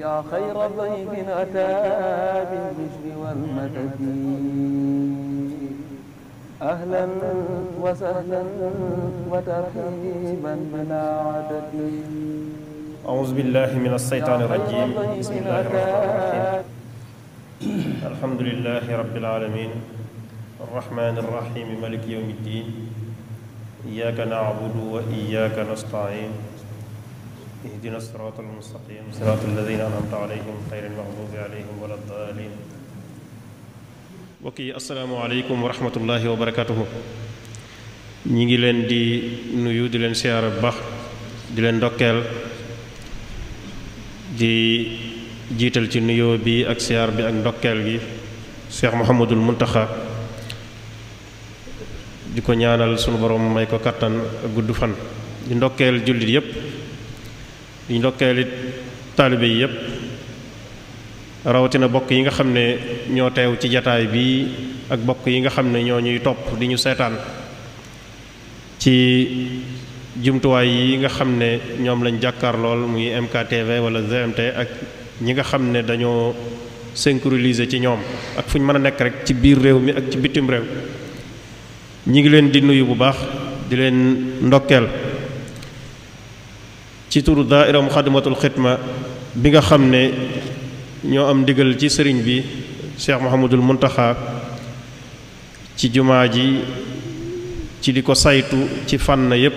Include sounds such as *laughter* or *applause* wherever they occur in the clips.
يا خير ضيف أتى بالبشر والمدد أهلا وسهلا وترحيبا بلا عدد أعوذ بالله من الشيطان الرجيم بسم الله الرحمن الرحيم الحمد لله رب العالمين الرحمن الرحيم ملك يوم الدين إياك نعبد وإياك نستعين اهدنا الصراط المستقيم صراط الذين أنعمت عليهم غير المغضوب عليهم mbokk yi asalaamaaleykum wa rahmatullahi wa barakatuhu ñi ngi leen di nuyu di leen siyaara bu baax di leen ndokkeel di jiital ci nuyoo bi ak siyaar bi ak ndokkeel gi Cheikh Mouhamadul Muntaxa di ko ñaanal sunu borom may ko kattan ak gudd fan di ndokkeel jullit yépp di ndokkeel it taalibe yi yépp rawatina bokk yi nga xam ne ñoo teew ci jataay bi ak bokk yi nga xam ne ñoo ñuy topp di ñu seetaan ci jumtuwaay yi nga xam ne ñoom lañ jàkkaar lool muy MKTV wala GMT ak ñi nga xam ne dañoo synchronisé ci ñoom ak fu ñu mën a nekk rekk ci biir réew mi ak ci bitim réew ñi ngi leen di nuyu bu baax di leen ndokkeel ci turu daaira muxaddamatul xidma bi nga xam ne ñoo am ndigal ci sëriñ bi cheikh mohamadul muntaxa ci jumaa ji ci di ko saytu ci fànn yépp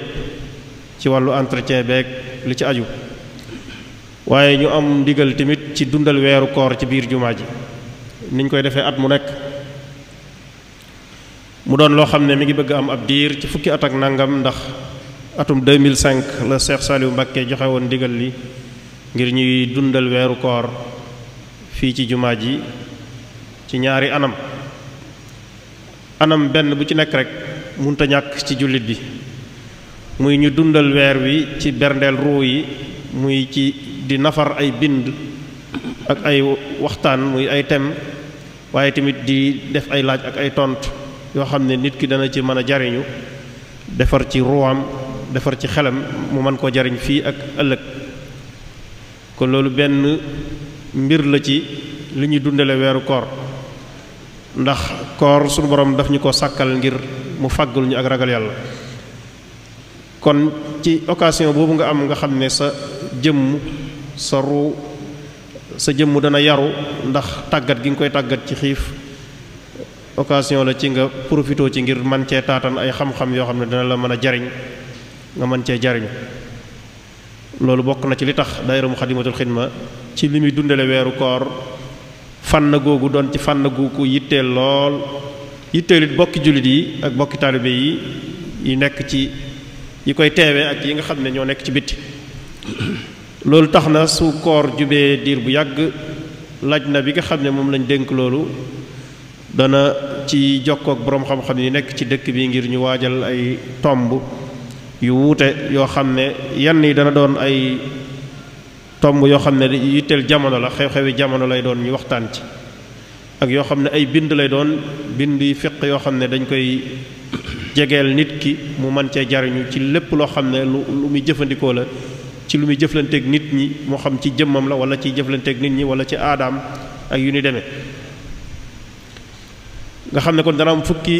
ci wàllu entretien beeg li ci aju waaye ñu am ndigal tamit ci dundal weeru koor ci biir jumaa ji niñ koy defee at mu nekk mu doon loo xam ne mi ngi bëgg am ab diir ci fukki at ak nangam ndax atum 2005 la Cheikh Saliou Mbacké joxe woon ndigal li ngir ñuy dundal weeru koor fii ci jumaa ji ci ñaari anam anam benn bu ci nekk rek munta ñàkk ci jullit bi muy ñu dundal weer wi ci berndeel ruu yi muy ci di nafar ay bind ak ay waxtaan muy ay thème waaye tamit di def ay laaj ak ay tontu yoo xam ne nit ki dana ci mën a jariñu defar ci ruwaam defar ci xelam mu mën koo jariñ fii ak ëllëg kon loolu benn mbir la ci li ñuy dundale weeru koor ndax koor suñu borom daf ñu ko sàkkal ngir mu fàggul ñu ak ragal yàlla kon ci occasion boobu nga am nga xam ne sa jëmm sa ru sa jëmm dana yaru ndax tàggat gi nga koy tàggat ci xiif occasion la ci nga profité ci ngir man cee taatan ay xam-xam yoo xam ne dana la mën a jariñ nga mën cee jariñu loolu bokk na ci li tax daayira Muxaddamatul Xidma ci li muy dundale weeru koor fànn googu doon ci fànn gu ko yitteel lool yitteel it bokki jullit yi ak bokki taalibe yi yi nekk ci yi koy teewe ak yi nga xam ne ñoo nekk ci bitti loolu tax na su koor jubee diir bu yàgg laaj na bi nga xam ne moom lañ dénk loolu dana ci jokkook boroom xam-xam yi nekk ci dëkk bi ngir ñu waajal ay tomb yu wuute yoo xam ne yan yi dana doon ay tomb yoo xam ne yitteel jamono la xew-xewi jamono lay doon ñu waxtaan ci ak yoo xam ne ay bind lay doon bind yu fiq yoo xam ne dañ koy jegeel nit ki mu mën cee jariñu ci lépp loo xam ne lu lu muy jëfandikoo la ci lu muy jëflanteeg nit ñi moo xam ci jëmmam la wala ci jëflanteeg nit ñi wala ci aadaam ak yu ni demee nga xam ne kon dana am fukki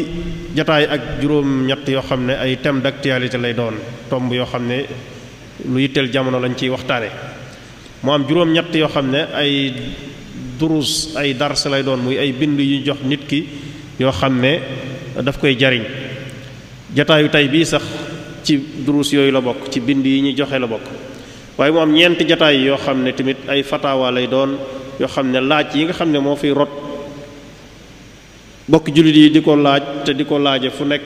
jataay ak juróom-ñett yoo xam ne ay thème d'actualité lay doon tomb yoo xam ne lu yitteel jamono lañ ciy waxtaane moo am juróom-ñett yoo xam ne ay durus ay dars lay doon muy ay bind yu jox nit ki yoo xam ne daf koy jariñ jataayu tey bii sax ci durus yooyu la bokk ci bind yi ñuy joxee la bokk waaye moo am ñeenti jataay yoo xam ne tamit ay fatawa lay doon yoo xam ne laaj yi nga xam ne moo fi rot bokk jullit yi di ko laaj te di ko laaje fu nekk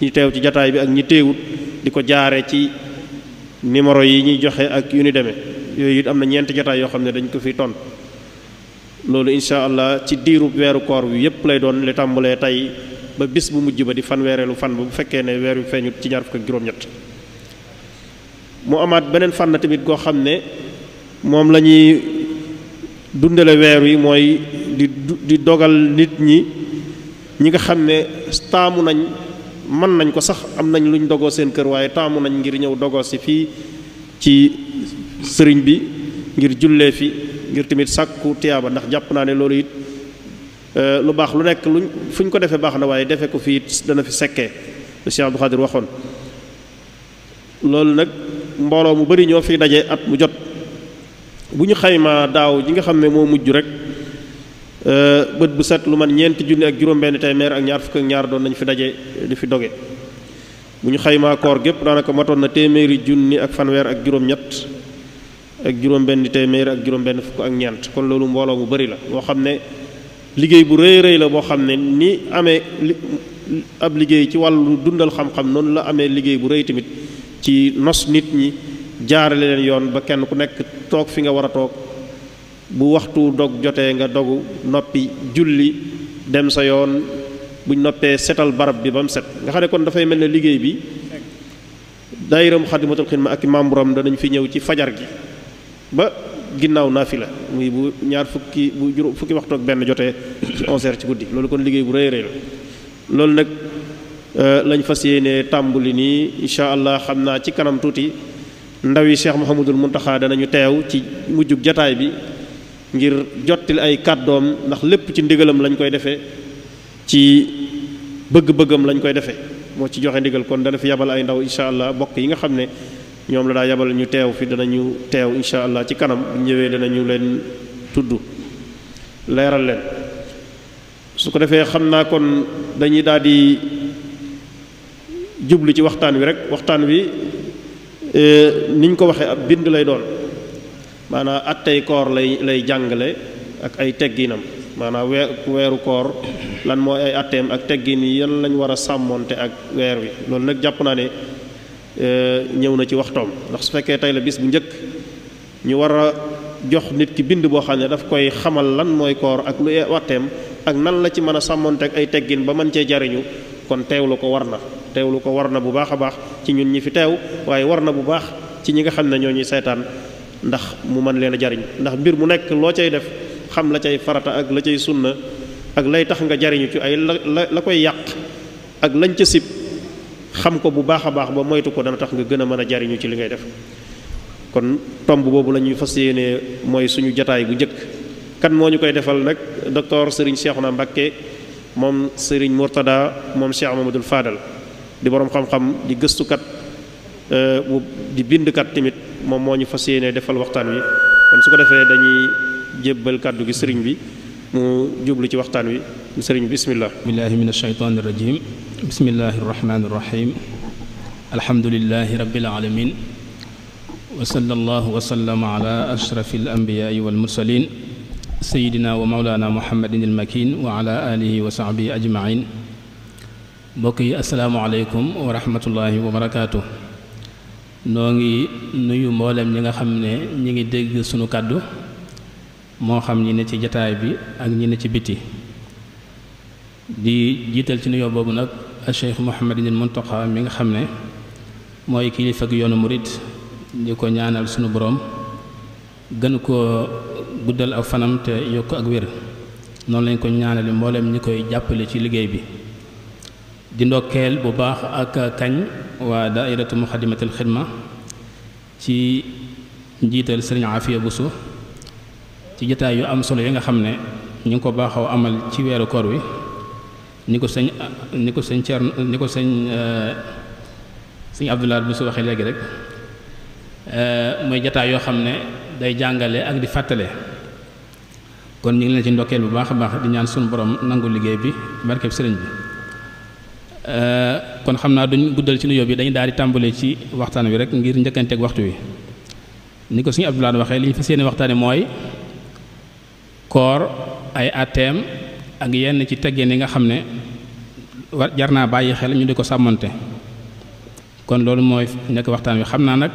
ñi teew ci jataay bi ak ñi teewut di ko jaare ci numéro yi ñuy joxe ak yu nu demee yooyu it am na ñeenti jataay yoo xam ne dañ ko fi ton loolu incha allah ci diirub weeru koor bi yépp lay doon li tàmbulee tey ba bis bu mujj ba di fanweereelu fan ba bu fekkee ne weer wi feeñut ci ñaar fukk ak juróom-ñett mu amaat beneen fànn tamit goo xam ne moom la ñuy dundale weer wi mooy di di dogal nit ñi ñi nga xam ne taamu nañ mën nañ ko sax am nañ lu luñ dogoo seen kër waaye taamu nañ ngir ñëw dogoo si fii ci sëriñ bi ngir jullee fi ngir tamit sàkku tiyaaba ndax jàpp naa ne loolu it euh, lu baax lu nekk luñ fu ñu ko defee baax na waaye defee ko fii dana fi sekkee lu Cheikh Abdou Khadir waxoon loolu nag mbooloo mu bari ñoo fiy daje at mu jot bu ñu xaymaa daaw ji nga xam ne moo mujj rek Euh, bët bu set lu man ñeenti junni ak juróom-benn téeméer ak ñaar fukk ak ñaar doon nañu fi daje di fi doge bu ñu xaymaa koor gépp daanaka matoon na téeméeri junni ak fanweer ak juróom-ñett ak juróom-benn téeméer ak juróom-benn fukk ak ñeent kon loolu mbooloo mu bari la boo xam ne liggéey bu rëy rëy la boo xam ne ni amee ab liggéey ci wàllu dundal xam-xam noonu la amee liggéey bu rëy tamit ci nos nit ñi jaarale leen yoon ba kenn ku nekk toog fi nga war a toog. bu waxtu dog jotee nga dogu noppi julli dem sa yoon buñ noppee setal barab bi ba mu set nga xam kon dafay mel ne liggéey bi daayiram xadimatul ma ak membre danañ fi ñëw ci fajar gi ba ginnaaw naafila muy bu ñaar fukki bu juróom fukki waxtu ak benn jotee onze heures ci guddi loolu kon liggéey bu rëy rëy la loolu nag euh, lañ fas yéene tàmbali nii incha allah xam naa ci kanam tuuti ndaw yi Cheikh Mouhamadul Muntaxa danañu teew ci mujjug jataay bi ngir jottil ay doom ndax lépp ci ndigalam lañ koy defee ci bëgg-bëggam lañ koy defee moo ci joxe ndigal kon dana fi yabal ay ndaw incha allah bokk yi nga xam ne ñoom la daa yabal ñu teew fi danañu teew incha allah ci kanam bu ñëwee danañu leen tudd leeral leen su ko defee xam naa kon dañuy daal di jublu ci waxtaan wi rek waxtaan wi eh, niñ ko waxee ab bind lay doon maanaam attey koor lay lay jàngale ak ay tegginam maanaam weer weeru koor lan mooy ay atteem ak teggin yi yan lañ war a sàmmoonte ak weer wi loolu nag jàpp naa ne e, ñëw na ci waxtoom ndax su fekkee tey la bis bu njëkk ñu war a jox nit ki bind boo xam ne daf koy xamal lan mooy koor ak lu atteem ak nan la ci mën a sàmmoonte ak ay teggin ba mën cee jariñu kon teewlu ko war na teewlu ko war na bu baax a baax ci ñun ñi fi teew waaye war na bu baax ci ñi nga xam ne ñoo seetaan ndax mu mën leen a jariñ ndax mbir mu nekk loo cay def xam la cay farata ak la cay sunna ak lay tax nga jariñu ci ay la la la koy yàq ak lañ ca sib xam ko bu baax a baax ba moytu ko dana tax nga gën a mën a jariñu ci li ngay def kon tomb boobu lañuy ñuy fas yéenee mooy suñu jataay bu njëkk kan moo ñu koy defal nag docteur Serigne Cheikhouna Mbacké moom Serigne Mourtada moom Cheikh Mamadou faadal di boroom xam-xam di gëstukat Euh, mu di bindkat tamit moom moo ñu fas yéene defal waxtaan wi kon su ko defee dañuy jébbal kàddu gi sëriñ bi mu jublu ci waxtaan wi sëriñ bi bismillah billahi min ashaytaani rajim bismillahi arrahmani irrahim alhamdulilahi rabbil alamin wa sallallahu wa sallama ala ashrafi al anbiyaai wal mursalin sayidina wa maulana muhammadin al makin wa ala alihi wa sahbihi ajmain mbokk yi assalaamu aleykum wa rahmatullahi wa barakatuh noo ngi nuyu mbooleem ñi nga xam ne ñi ngi dégg sunu kàddu moo xam ñi ne ci jataay bi ak ñi ne ci biti di jiital ci nuyoo boobu nag a Cheikh Mouhamadul Mountakha mi nga xam ne mooy kilifa ak yoonu murit di ko ñaanal sunu boroom gën koo guddal ak fanam te yokk ak wér noonu lañ ko ñaanali mboolem ñi koy jàppale ci liggéey bi di ndokkeel bu baax ak kañ waa daairatu muxadimatul xidma ci njiital sëriñ bu Buso ci jataay yu am solo yi nga xam ne ñu ngi ko baaxoo amal ci weeru koor wi ni ko sëñ ni ko sëñ Thierno ni ko sëñ eh, sëñ bu Buso waxee léegi rek eh, mooy jataay yoo xam ne day jàngale ak di fàttale kon ñu ngi leen ci ndokkeel bu baax a baax di ñaan suñu borom nangu liggéey bi barkeb sëriñ bi Euh, kon xam naa duñ guddal ci nuyoo bi dañu daal di tàmbale ci waxtaan wi rek ngir njëkkanteeg waxtu wi ni ko suñu Abdoulaye waxee li ñu fa seeni waxtaane mooy koor ay atteem ak yenn ci teggeen yi nga xam ne war jar naa bàyyi xel ñu di ko sàmmante kon loolu mooy nekk waxtaan wi xam naa nag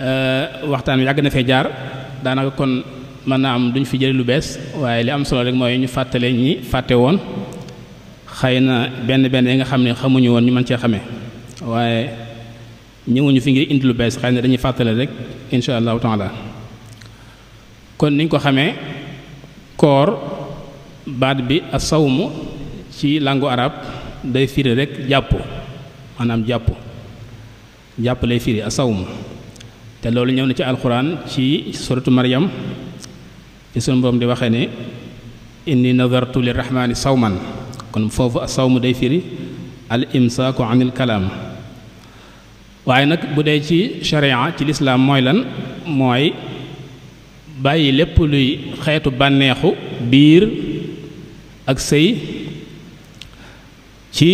euh, waxtaan wi yàgg na fee jaar daanaka kon mën naa am duñ fi jële lu bees waaye li am solo rek mooy ñu fàttale ñi fàtte woon xëy na benn benn yi nga xam ne xamuñu woon ñu man cee xamee waaye ñëwuñu fi ngir indi lu bees xëy na dañuy fàttale rek incha allahu taala kon niñ ko xamee koor baat bi asawmu ci langu arab day firi rek jàpp maanaam jàpp jàpp lay firi asawmu te loolu ñëw na ci alxuraan ci suratu maryam ci sunu borom di waxe ne inni nadartu lirrahmani sawman kon foofu sawmu day firi al imsaaku anil kalaam waaye nag bu dee ci sharia ci lislaam mooy lan mooy bàyyi lépp luy xeetu bànneexu biir ak sëy ci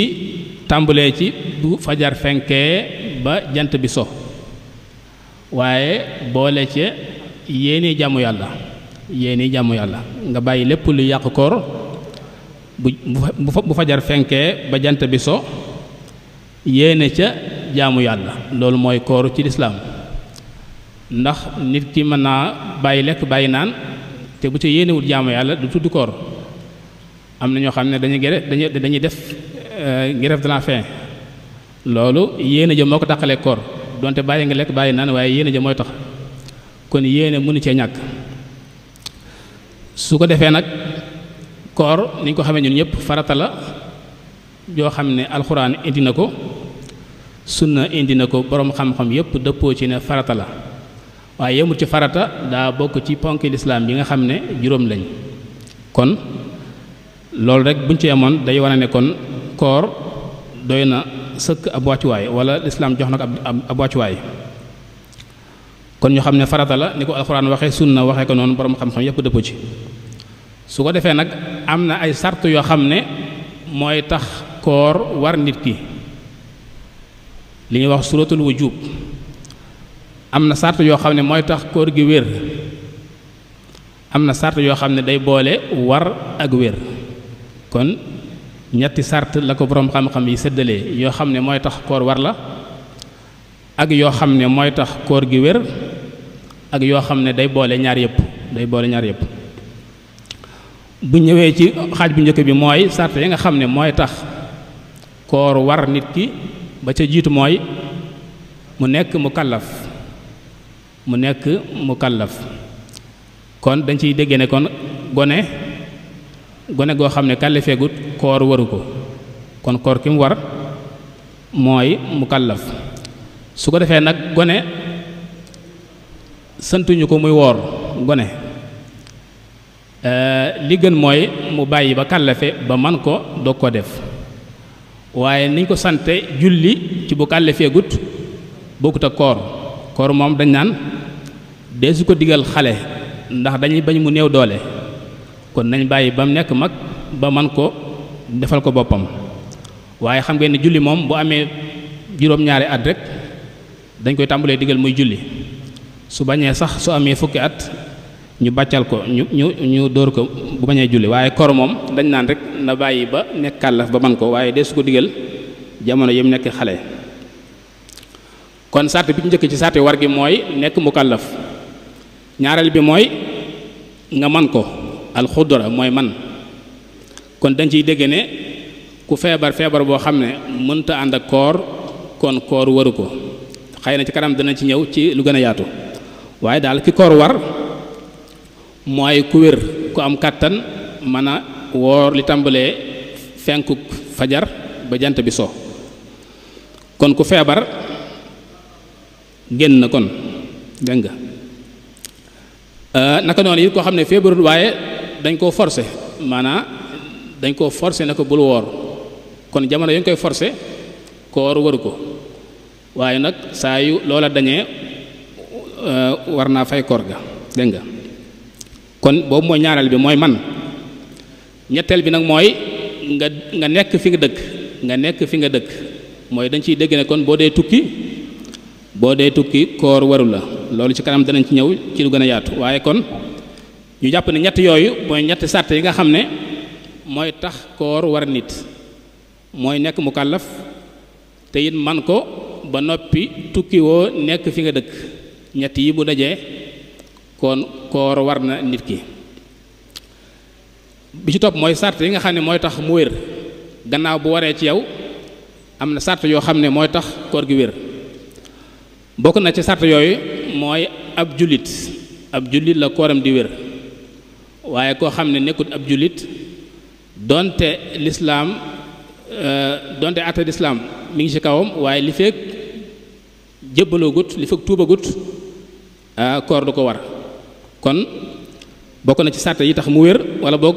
tàmbulee ci bu fajar fenkee ba jant bi so waaye boole ci yéeni jàmmu yàlla yéeni jàmmu yàlla nga bàyyi lépp luy yàq koor bu bu fajar fenkee ba jant bi so yéene ca jaamu yàlla loolu mooy kooru ci lislaam ndax nit ki mën naa bàyyi lekk bàyyi naan te bu ca yéenewul jaamu yàlla du tudd koor am na ñoo xam ne dañu gere dañuy dañuy def euh, grève de la faim loolu yéene ja moo ko taqalee koor donte bàyyi nga lekk bàyyi naan waaye yéene ja mooy tax kon yéene mënu cee ñàkk su ko defee nag koor ni ñu ko xamee ñun ñëpp farata la yoo xam ne alxuraan indi na ko sunna indi na ko boroom xam-xam yëpp dëppoo ci ne farata la waaye yemul ci farata daa bokk ci ponki lislaam yi nga xam ne juróom lañ kon loolu rek buñ ci amoon day wane ne kon koor doy na sëkk ab wàccuwaay wala lislaam jox na ko ab wàccuwaay kon ñu xam ne farata la ni ko alxuraan waxee sunna waxee ko noonu boroom xam-xam yëpp dëppoo ci su ko defee nag am na ay sart yoo xam ne mooy tax koor war nit ki li ñuy wax suratul wujub am na sart yoo xam ne mooy tax koor gi wér am na sart yoo xam ne day boole war ak wér kon ñetti sart la ko boroom xam-xam yi séddalee yoo xam ne mooy tax koor war la ak yoo xam ne mooy tax koor gi wér ak yoo xam ne day boole ñaar yëpp day boole ñaar yëpp bu ñëwee ci xaaj bu njëkk bi mooy sart yi nga xam ne mooy tax koor war nit ki ba ca jiitu mooy mu nekk mu kallaf mu nekk mu kàllaf kon dañ ciy déggee ne kon gone gone goo xam ne kallifeegut koor waru ko kon koor ki mu war mooy mu kallaf su ko defee nag gone santuñu ko muy woor gone Eh, li gën mooy mu bàyyi ba kàllafe ba man ko doog ko def waaye niñ ko sante julli ci bu kàllafee gut bokkut koor koor moom dañ naan su ko digal xale ndax dañuy bañ mu néew doole kon nañ bàyyi ba nekk mag ba man ko defal ko boppam waaye xam ngeen ne julli moom bu amee juróom-ñaari at rek dañ koy tàmbalee digal muy julli su bañee sax su amee fukki at ñu bàccal ko ñu ñu ñu dóor ko bu bañee julli waaye kor moom dañ naan rek na bàyyi ba nekk kàllaf ba man ko waaye dee su ko digal jamono yi mu nekk xale kon sart bi ci njëkk ci sart war gi mooy nekk mu kàllaf ñaareel bi mooy nga man ko alxudra mooy man kon dañ ciy dégg ne ku feebar feebar boo xam ne mënta ànd ak koor kon koor waru ko xëy na ci kanam dina ci ñëw ci lu gën a yaatu waaye daal ki koor war mooy ku wér ku am kàttan mën a woor li tàmbalee fenkuk fajar ba jant bi so kon ku feebar génn na kon dégg nga naka noonu yi koo xam ne feebarul waaye dañ koo forcer maanaam dañ koo forcer ne ko bul woor kon jamono yi koy forcer koor waru ko waaye nag saa yu loola dañee euh, war naa fay koor ga dégg kon boobu mooy ñaareel bi mooy man ñetteel bi nag mooy nga nga nekk fi nga dëkk nga nekk fi nga dëkk mooy dañ ciy dégg ne kon boo dee tukki boo dee tukki koor waru la loolu ci kanam danañ ci ñëw ci lu gën a yaatu waaye kon ñu jàpp ne ñett yooyu mooy ñetti sart yi nga xam ne mooy tax koor war nit mooy nekk mu kàllaf te it man ko ba noppi tukki woo nekk fi nga dëkk ñett yi bu dajee kon koor war na nit ki bi ci topp mooy sart yi nga xam ne mooy tax mu wér gannaaw bu waree ci yow am na sart yoo xam ne mooy tax koor gi wér bokk na ci sart yooyu mooy ab jullit ab jullit la kooram di wér waaye koo xam ne nekkut ab jullit donte lislaam euh, donte atte lislaam mi ngi ci kawam waaye li fekk jëbbaloo li fekk tuubagut euh, koor du ko war kon bokk na ci sàrt yi tax mu wér wala boog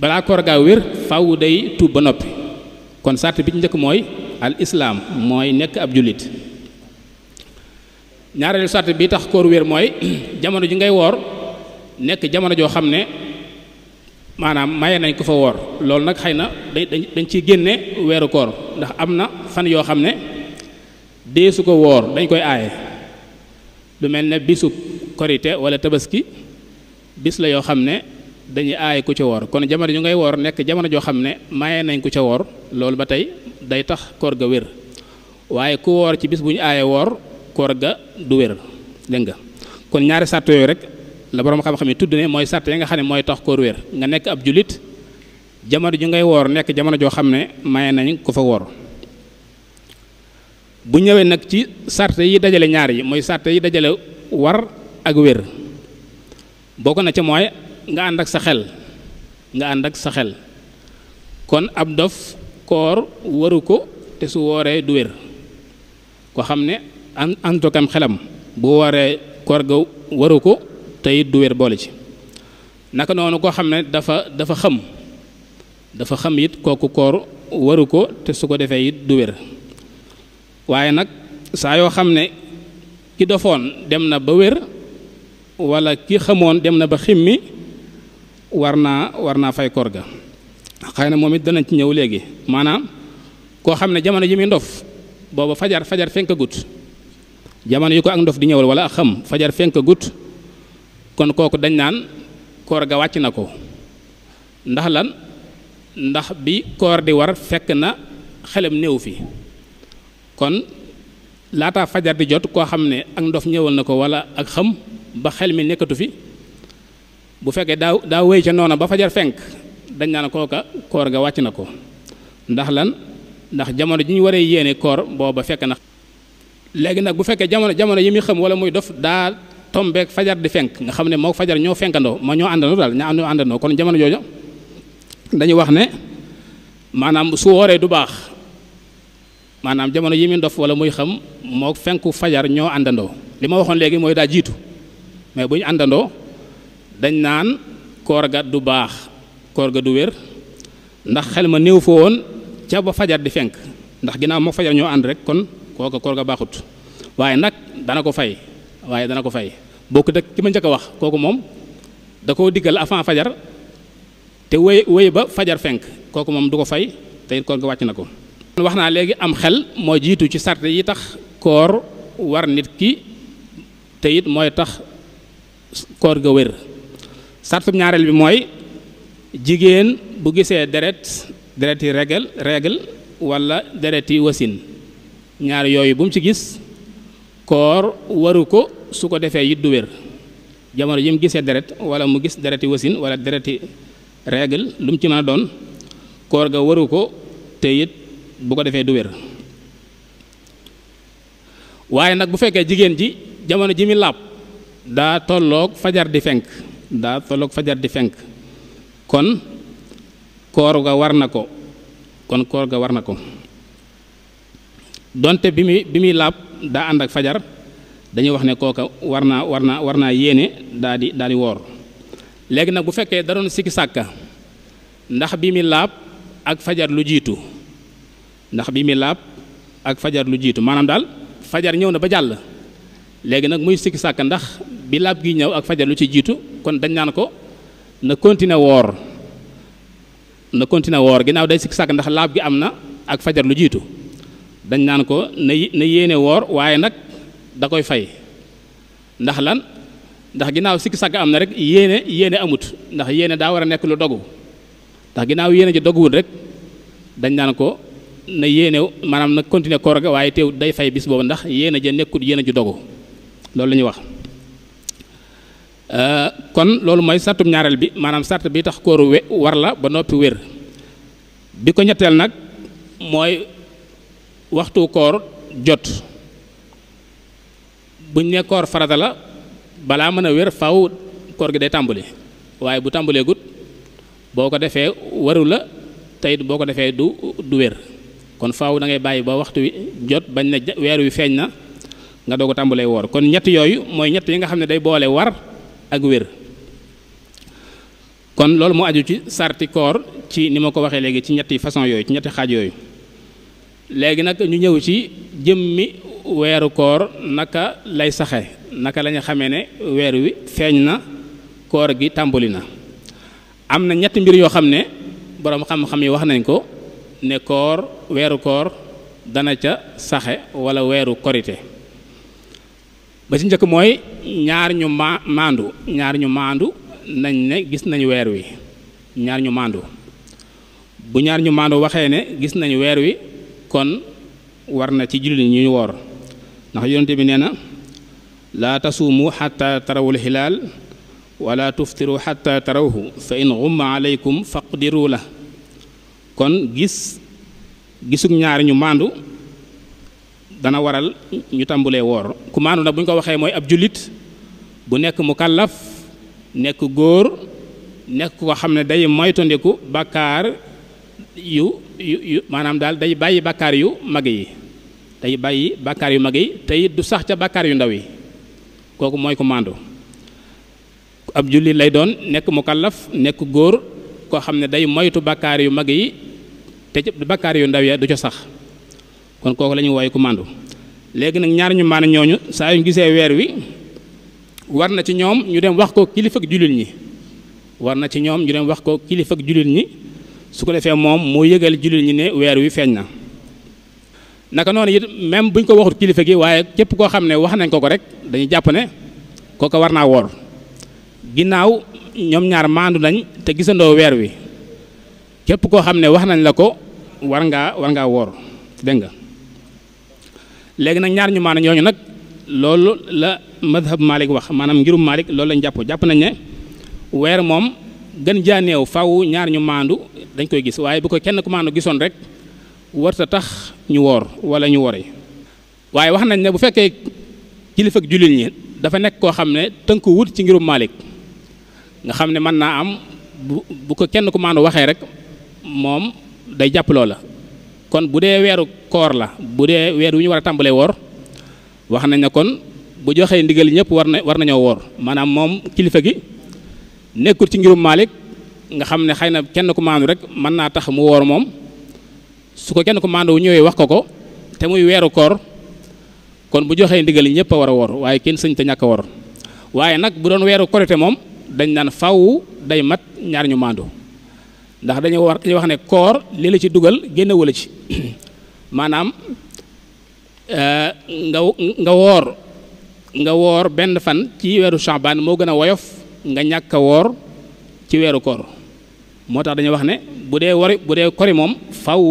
balaa koor gaa wér faaw day tuub ba noppi kon sàrt bi ci njëkk mooy al islaam mooy nekk ab jullit ñaareelu sàrt bi tax koor wér mooy *clears throat* jamono ji ngay woor nekk jamono joo xam ne maanaam maye nañ ko fa woor loolu nag xëy na dañ dañ ciy génne weeru koor ndax am na fan yoo xam ne dee ko woor dañ koy aaye lu mel ne bisub korite wala tabaski bis la yoo xam ne dañuy aay ku ca woor kon jamono ji ngay woor nekk jamono joo xam ne maye nañ ku ca woor loolu ba tey day tax koor ga waaye ku woor ci bis bu ñu aaye woor koor ga du wér dégg nga kon ñaari sàrt yooyu rek la borom xam-xam yi mooy sàrt yi nga xam ne mooy tax koor wér nga nekk ab julit jamono ju ngay woor nekk jamono joo xam ne maye nañ ku fa woor bu ñëwee nag ci sàrt yi dajale ñaar yi mooy sàrt yi dajale war ak wér bokk na ca mooy nga ànd ak sa xel nga ànd ak sa xel kon ab dof koor waru ko te su wooree du wér ko xam ne an antokam xelam bu wooree koor ga waru ko te it du wér boole ci naka noonu koo xam ne dafa dafa xam dafa xam it kooku koor waru ko te su ko defee it du wér waaye nag saa yoo xam ne ki dofoon dem na ba wér wala ki xamoon dem na ba ximmi war naa war naa fay koor ga xëy na moom it danañ ci ñëw léegi maanaam koo xam ne jamono ji muy ndof booba fajar fajar fenk gut jamono yi ko ak ndof di ñëwal wala ak xam fajar fenk gut kon kooku dañ naan koor ga wàcc na ko ndax lan ndax bi koor di war fekk na xelam néew fi kon laata fajar di jot koo xam ne ak ndof ñëwal na ko wala ak xam ba xel mi nekkatu fi bu fekkee daa daa wéy ca noona ba fajar fenk dañ naan kooka koor ga wàcc na ko ndax lan ndax jamono ji ñu waree yéene koor booba fekk na léegi nag bu fekkee jamono jamono yi muy xam wala muy dof daa tombeek fajar di fenk nga xam ne moo fajar ñoo fenkandoo ma ñoo àndandoo daal ñoo àndandoo kon jamono jooju dañuy wax ne maanaam su waree du baax maanaam jamono yi muy dof wala muy xam moo fenku fajar ñoo àndandoo li ma waxoon léegi mooy daa jiitu mais bu ñu àndandoo dañ naan koor ga du baax koor ga du wér ndax xel ma néew foo woon ca ba fajar di fenk ndax ginnaaw moo fajar ñoo ànd rek kon kooka koor ga baaxut waaye nag dana ko fay waaye dana ko fay bokkut ak ki ma njëkk a wax kooku moom da koo diggal avant fajar te wéy wéy ba fajar fenk kooku moom du ko fay tey koor ga wàcc na ko wax naa léegi am xel moo jiitu ci sart yi tax koor war nit ki te mooy tax koor ga wér sartum ñaareel bi mooy jigéen bu gisee deret deret yi règle règle wala deret yi wasin ñaar yooyu bu mu ci gis koor waru ko su ko defee it du wér jamono ji mu gisee deret wala mu gis dereti wasin wala dereti règle lu mu ci mën a doon koor ga waru ko te it bu ko defee du wér waaye nag bu fekkee jigéen ji jamono ji mi làpp daa tollook fajar di fenk daa tolloog fajar di fenk kon koor ga war na ko kon koor ga war na ko donte bi mu bi muy laab daa ànd ak fajar dañuy wax ne kooka war naa war naa war naa yéene daa di daa di woor léegi nag bu fekkee da doon sikki sàkka ndax bi muy laab ak fajar lu jiitu ndax bi muy laab ak fajar lu jiitu maanaam daal fajar ñëw na ba jàll léegi nag muy sikki sàkk ndax bi laab gi ñëw ak fajar lu ci jiitu kon dañ naan ko na continuer woor na continuer woor ginnaaw day sikki sàkk ndax laab gi am na ak fajar lu jiitu dañ naan ko na na yéene woor waaye nag da koy fay ndax lan ndax ginnaaw sikki sàkk am na rek yéene yéene amut ndax yéene daa war a nekk lu dogu ndax ginnaaw yéene ji doguwul rek dañ naan ko na yéene maanaam na continuer koor ga waaye teew day fay bis boobu ndax yéene ja nekkul yéene ju dogu loolu la ñuy wax euh, kon loolu mooy sartum ñaareel bi maanaam sart bi tax kóoru we war la ba noppi wér bi ko ñetteel nag mooy waxtu koor jot buñ ne koor farata la balaa mën a wér faw koor gi day tàmbali waaye bu tàmbalee gut boo ko defee warula la tey boo ko defee du du wér kon faw da bàyyi ba waxtu wi jot bañ na weer wi feeñ na nga doog a tàmbalee woor kon ñett yooyu mooy ñett yi nga xam ne day boole war ak wér kon loolu mu aju ci sarti koor ci ni ma ko waxee léegi ci ñetti façon yooyu ci ñetti xaaj yooyu léegi nag ñu ñëw ci jëmmi weeru koor naka lay saxe naka la ñu xamee ne weer wi feeñ na koor gi tàmbali na am na ñetti mbir yoo xam ne boroom xam-xam yi wax nañ ko ne koor weeru koor dana ca saxe walla weeru korite ba ci njëkk mooy ñaar ñu ma maandu ñaar ñu maandu nañ ne gis nañu weer wi ñaar ñu maandu bu ñaar ñu maandu waxee ne gis nañu weer wi kon war na ci julli ñuy ñu woor ndax yonente bi nee na laa tasuumu xata tarawul xilaal wala tuftiru xata tarawhu fa in xumma aleykum faqdiru la kon gis gisug ñaar ñu maandu dana waral ñu tàmbulee woor ku maandu nag bu ñu ko waxee mooy ab jullit bu nekk mu kàllaf nekk góor nekk ko xam ne day moytandiku bàkkaar yu maanaam daal day bàyyi bàkkaar yu mag yi day bàyyi bàkkaar yu mag yi te it du sax ca bàkkaar yu ndaw yi kooku mooy ku ab jullit lay doon nekk mukallaf nekk góor koo xam ne day moytu bàkkaar yu mag yi te bàkkaar yu ndaw ya du ca sax kon kooku la ñuy wooye ku màndu léegi nag ñaar ñu maana ñooñu saa yu ñu gisee weer wi war na ci ñoom ñu dem wax ko kilifa ak ñi war na ci ñoom ñu dem wax ko kilifa ak ñi su ko defee moom moo yëgal jullit ñi ne weer wi feeñ na naka noonu yi même bu ñu ko waxut kilifa gi waaye képp koo xam ne wax nañ ko ko rek dañu jàpp ne kooka war naa woor ginnaaw ñoom ñaar maandu nañ te gisandoo weer wi képp koo xam ne wax nañ la ko war ngaa war ngaa woor dégg nga léegi nag ñaar ñu maanaam ñooñu nag loolu la madhab Malik wax maanaam ngirum Malik loolu lañ jàpp jàpp nañ ne weer moom gën jaaneew faw ñaar ñu maandu dañ koy gis waaye bu ko kenn ku maandu gisoon rek warta tax ñu woor wala ñu wori waaye wax nañ ne bu fekkee kilifa ak ñi dafa nekk koo xam ne tënku wut ci ngirum Malik nga xam ne mën naa am bu bu ko kenn ku maandu waxee rek moom day jàpp loola kon bu dee weeru koor la bu dee weer wu ñu war a tàmbalee woor wax nañ na kon bu joxee ndigal ñëpp war na war nañoo woor maanaam moom kilifa gi nekkul ci ngirum Maalik nga xam ne xëy na kenn ku maandu rek mën naa tax mu woor moom su ko kenn ko maandu wu ñëwee wax ko ko te muy weeru koor kon bu joxee ndigal ñëpp a war a woor waaye kenn sëñ te ñàkk a woor waaye nag bu doon weeru korite moom dañ naan faw day mat ñaar ñu maandu ndax dañoo war wax ne koor li la ci dugal génne wala ci *clears throat* maanaam eh, nga woor nga woor benn fan ci weeru Shaabaan moo gën a woyof nga ñàkk a woor ci weeru koor moo tax dañoo wax ne bu dee wori bu dee kori moom faw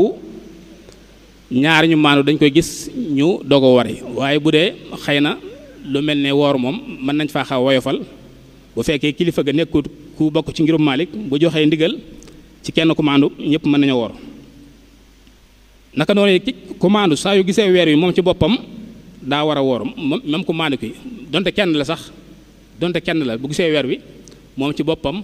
ñaar ñu maanu dañ koy gis ñu doog a wari waaye bu dee xëy na lu mel ne woor moom mën nañ faa xaw woyofal bu fekkee kilifa ga nekkut ku bokk ci ngirum Maalik bu joxee ndigal ci kenn commande ñëpp mën nañoo woor naka noonu commande saa yu gisee weer wi moom ci boppam daa war a woor même commande ki donte kenn la sax donte kenn la bu gisee weer wi moom ci boppam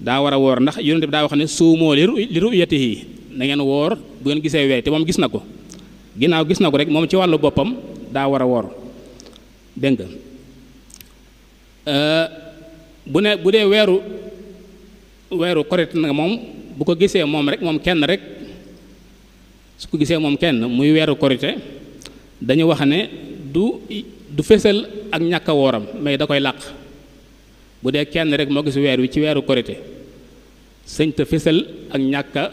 daa war a woor ndax yonent bi daa wax ne suumoo li ru'yatihi yi ngeen woor bu ngeen gisee weer te moom gis na ko ginnaaw gis na ko rek moom ci wàllu boppam daa war a woor dégg nga euh, bu ne bu dee weeru weeru korit nag moom bu ko gisee moom rek moom kenn rek su ko gisee moom kenn muy weeru korite dañu wax ne du du fésal ak ñàkk wooram mais da koy làq bu dee kenn rek moo gis weer wi ci weeru korite sëñta fésal ak ñàkk a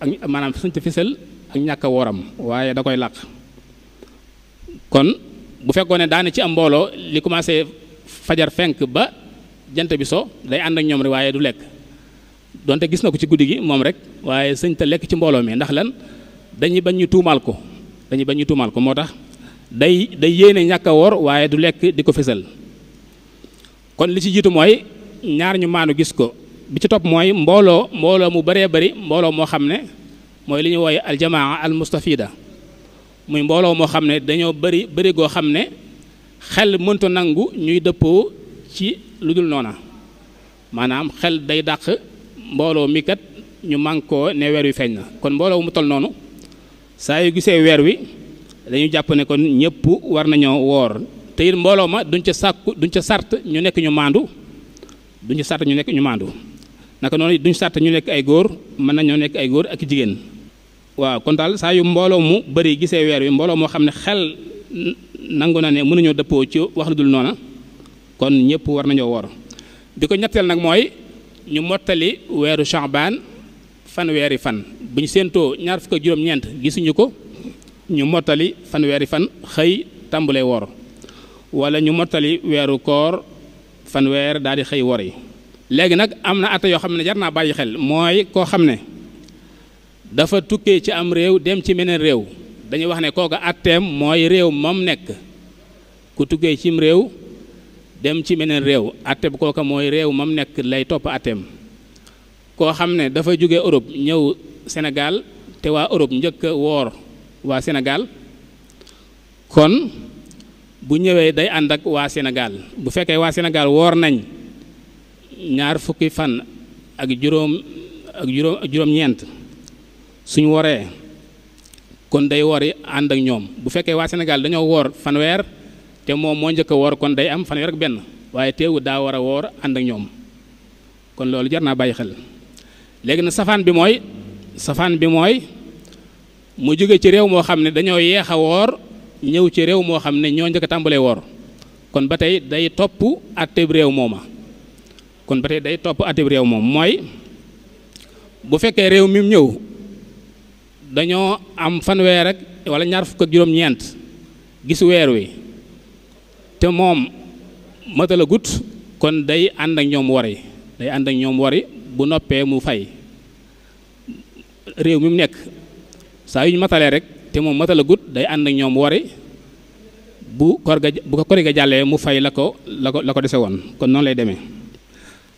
ak maanaam sëñta fésal ak ñàkk wooram waaye da koy làq kon bu fekkoon ne daana ci am mbooloo li commencé fajar fenk ba jant bi so day ànd ak ñoom rek waaye du lekk donte gis na ko ci guddi gi moom rek waaye sëñ lekk ci mbooloo mii ndax lan dañuy bañ ñu tuumaal ko dañuy bañ ñu tuumaal ko moo tax day day yéene ñàkk a woor waaye du lekk di ko fésal kon li ci jiitu mooy ñaar ñu maanu gis ko bi ci topp mooy mbooloo mbooloo mu baree bari mbooloo moo xam ne mooy li ñu wooye aljamaa al mustafida muy mbooloo moo xam ne dañoo bari bari goo xam ne xel mënta nangu ñuy dëppoo ci lu dul noona maanaam xel day dàq mbooloo mii kat ñu mànkoo ne weer wi feeñ na kon mbooloo mu toll noonu saa yu gisee weer wi dañu jàpp ne kon ñëpp war nañoo woor te mbooloo ma duñ ca sàkku duñ ca sart ñu nekk ñu maandu duñ ca ñu nekk ñu maandu naka noonu duñ sart ñu nekk ay góor mën nañoo nekk ay góor ak jigéen. waaw kon daal saa yu mbooloo mu bëri gisee weer wi mbooloo moo xam ne xel nangu na ne mënuñoo dëppoo ci wax lu noona kon ñëpp war nañoo woor bi ko ñetteel nag mooy. ñu mottali weeru Shaaban fanweeri fan bu ñu séentoo ñaar fukk ak juróom-ñeent gisuñu ko ñu mottali fanweeri fan xëy tàmbale woor wala ñu mottali weeru koor fanweer daal di xëy wor yi léegi nag am na ata yoo xam ne jar naa bàyyi xel mooy koo xam ne dafa tukkee ci am réew dem ci meneen réew dañuy wax ne kooku atteem mooy réew moom nekk ku tukkee cim réew dem ci meneen réew atte bu kooka mooy réew mam nekk lay topp atteem koo xam ne dafa jóge Europe ñëw Sénégal te waa Europe njëkk a woor waa Sénégal kon bu ñëwee day ànd ak waa Sénégal bu fekkee waa Sénégal woor nañ ñaar fukki fan ak juróom ak juróom juróom-ñeent suñ woree kon day wori ànd ak ñoom bu fekkee waa Sénégal dañoo woor fanweer te moom moo njëkk a woor kon day am fanweer ak benn waaye teewu daa war a woor ànd ak ñoom kon loolu jar naa bàyyi xel léegi na safaan bi mooy safaan bi mooy mu jóge ci réew moo xam ne dañoo yeex a woor ñëw ci réew moo xam ne ñoo njëkk a tàmbalee woor kon ba tey day topp atteb réew mooma kon ba tey day topp atteb réew moom mooy bu fekkee réew mi ñëw dañoo am fanweer ak wala ñaar fukk ak juróom-ñeent gis weer wi te moom matal gut kon day ànd ak ñoom wari day ànd ak wari bu noppee mu fay réew mi mu nekk saa yuñ ñu matalee rek te moom matal a gut day ànd ak ñoom wari bu kor ga bu ko kori ga jàllee mu fay la ko la ko la ko dese woon kon noonu lay demee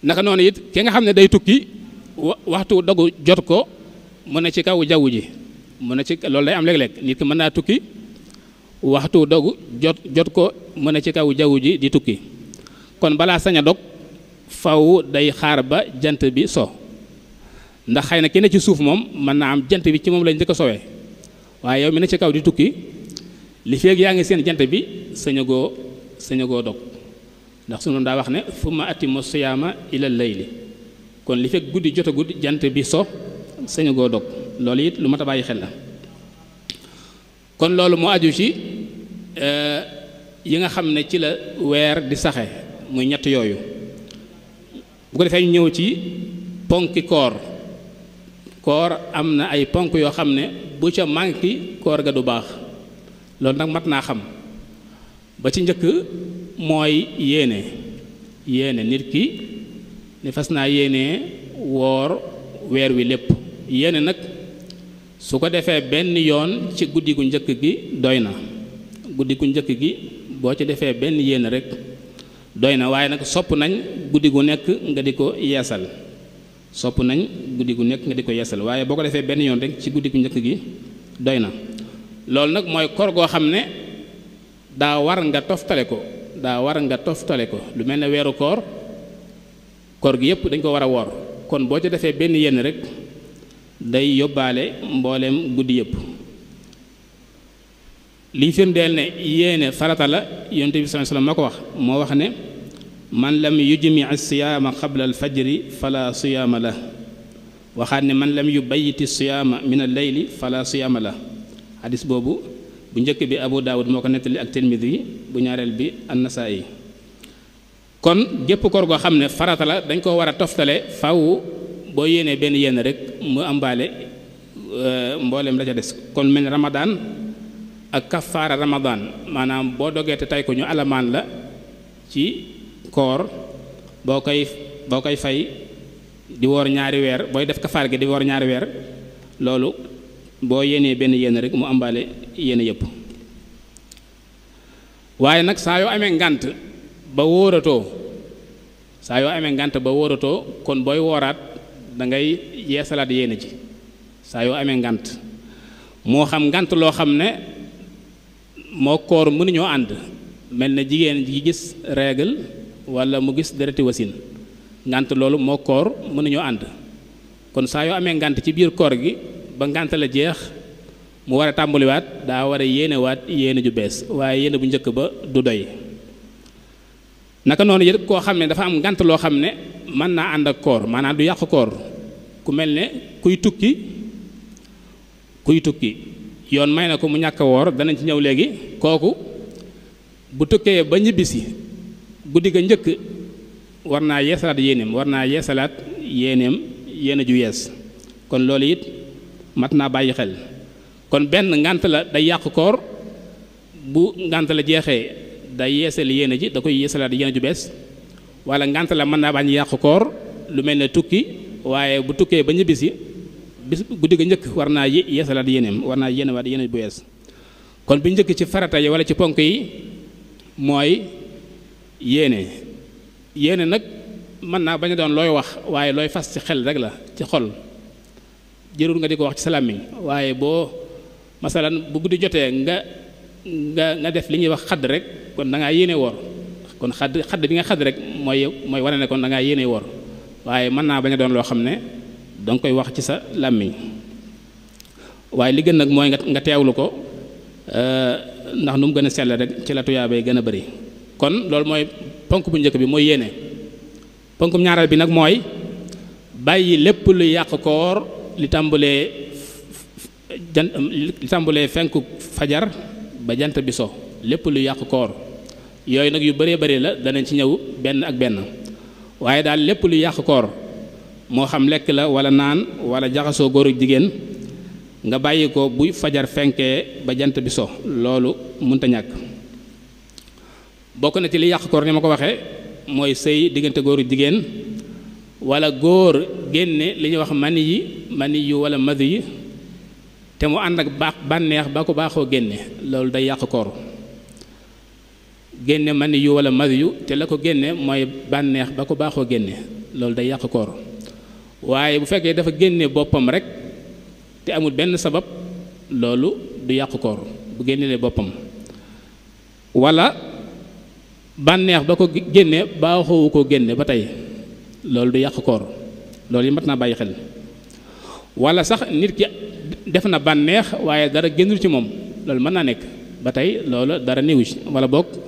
naka noonu it ki nga xam ne day tukki waxtu dogu jot ko mu ne ci kaw jaww ji mu ne ci loolu day am léeg-léeg nit ki mën naa tukki waxtu dogu jot jot ko mën a ci kaw jaww ji di tukki kon balaa sañ dog faw day xaar ba jant bi so ndax xëy na ki ci suuf moom mën naa am jant bi ci moom lañ dëkk a sowee waaye yow mi ne ci kaw di tukki li feeg yaa ngi seen jant bi sañagoo sañagoo dog ndax sunu daa wax ne fu ma atimu siyaama ilal layli kon li fekk guddi jot a guddi jant bi so sañagoo dog loolu it lu mat a bàyyi xel la kon loolu mu aju ci e, yi nga xam ne ci la weer di saxe muy ñett yooyu bu ko defee ñu ñëw ci ponki koor koor am na ay ponk yoo xam ne bu ca manki koor ga du baax loolu nag mat naa xam ba ci njëkk mooy yéene yéene nit ki ne fas naa yéene woor weer wi lépp yéene nag su ko defee benn yoon ci guddi ku njëkk gi doy na guddi ku njëkk gi boo ci defee benn yéene rek doy na waaye nag sopp nañ guddi gu nekk nga di ko yeesal sopp nañ guddi gu nekk nga di ko yeesal waaye boo ko defee benn yoon rek ci guddi ku njëkk gi doy na loolu nag mooy kor goo xam ne daa war nga toftale ko daa war nga toftale ko lu mel ne weeru koor koor gi yëpp dañ ko war a woor kon boo ci defee benn yéene rek day yóbbaale mboolem guddi yëpp liy firndeel ne yéene farata la yonent bi sallallahu ma ko wax moo wax ne man lam yu as-siyaama qabla al-fajri fala siyaama la waxaat ne man lam yubayyiti siyaama min al-layli fala siyaama la xadis boobu bu njëkk bi Abu Daawud moo ko nettali ak Tirmidi yi bu ñaareel bi an-Nasaa'i kon gépp koor goo xam ne farata la dañ koo war a toftale faw boo yéenee benn yéene rek mu ambaale euh, mbooleem la ca des kon mel ni ramadaan ak kafaara ramadaan maanaam boo dogee te tey ko ñu alamaan la ci koor boo koy boo koy fay di woor ñaari weer booy def kafaar gi di woor ñaari weer loolu boo yéenee benn yéene rek mu ambaale yéene yépp waaye nag saa yoo amee ngant ba wóoratoo saa yoo amee ngant ba wóoratoo kon booy wooraat da ngay yeesalaat yéene ji saa yoo amee ngant moo xam ngant loo xam ne moo koor mënuñoo ànd mel na jigéen ji gis règle walla mu gis dereti wasin ngànt loolu moo koor mënuñoo ànd kon saa yoo amee ngant ci biir koor gi ba ngànt la jeex mu war a tàmbaliwaat daa war a yéenewaat yéene ju bees waaye yéene bu njëkk ba du doy naka noonu koo xam ne dafa am ngant loo xam ne mën naa ànd ak koor maanaam du yàq koor ku mel ne kuy tukki kuy tukki yoon may na ko mu ñàkk a woor danañ ci ñëw léegi kooku bu tukkee ba ñibbisi guddi ga njëkk war naa yeesalaat yéenéem war naa yeesalaat yéenéem yéene ju yees kon loolu it mat naa bàyyi xel kon benn ngànt la day yàq koor bu ngànt la jeexee day yeesal yéene ji da koy yeesalaat yéene ju bees wala ngant la mën naa bañ yàqu koor lu mel ne tukki waaye bu tukkee ba ñibbisi bis guddi ga njëkk war naa yeesalaat yéeneem war naa yéenewaat yéene bu wees kon bi njëkk ci farata yi wala ci ponk yi mooy yéene yéene nag mën naa bañ a doon looy wax waaye looy fas ci xel rek la ci xol jërul nga di ko wax ci sa làmmiñ waaye boo masalan bu guddi jotee nga nga nga def li ñuy wax xadd rek kon da yéene woor kon xadd xadd bi nga xadd rek mooy mooy wane ne kon da ngaa yéene woor waaye mën naa bañ a doon loo xam ne danga koy wax ci sa làmmiñ waaye li gën nag mooy nga teewlu ko euh, ndax nu mu gën a sell rek ci la tuyaabay gën a bari kon loolu mooy ponk bu njëkk bi mooy yéene ponk ñaaral bi nag mooy bàyyi lépp lu yàq koor li tàmbalee jan li tàmbalee fenku fajar ba jant bi so lépp lu yàq koor yooyu nag yu bëree bëri la danañ ci ñëw benn ak benn waaye daal lépp lu yàq koor moo xam lekk la wala naan wala jaxasoo góor jigéen nga bàyyi ko bu fajar fenkee ba jant bi so loolu mënta ñàkk bokk na ci li yàq koor ni ma ko waxe mooy sëy diggante góor jigéen walla góor génne li ñu wax mani yi mani yi wala madi yi te mu ànd ak baax bànneex ba ko baaxoo génne loolu day yàq koor génne mani yu wala mari yu te la ko génne mooy bànneex ba ko baaxoo génne loolu day yàq koor waaye bu fekkee dafa génne boppam rek te amul benn sabab loolu du yàq koor bu génnelee boppam wala bànneex ba ko génne baaxoowu ko génne ba tey loolu du yàq koor loolu yi mat naa bàyyi xel wala sax nit ki def na bànneex waaye dara génnul ci moom loolu mën naa nekk ba tey loolu dara néewu ci wala bokk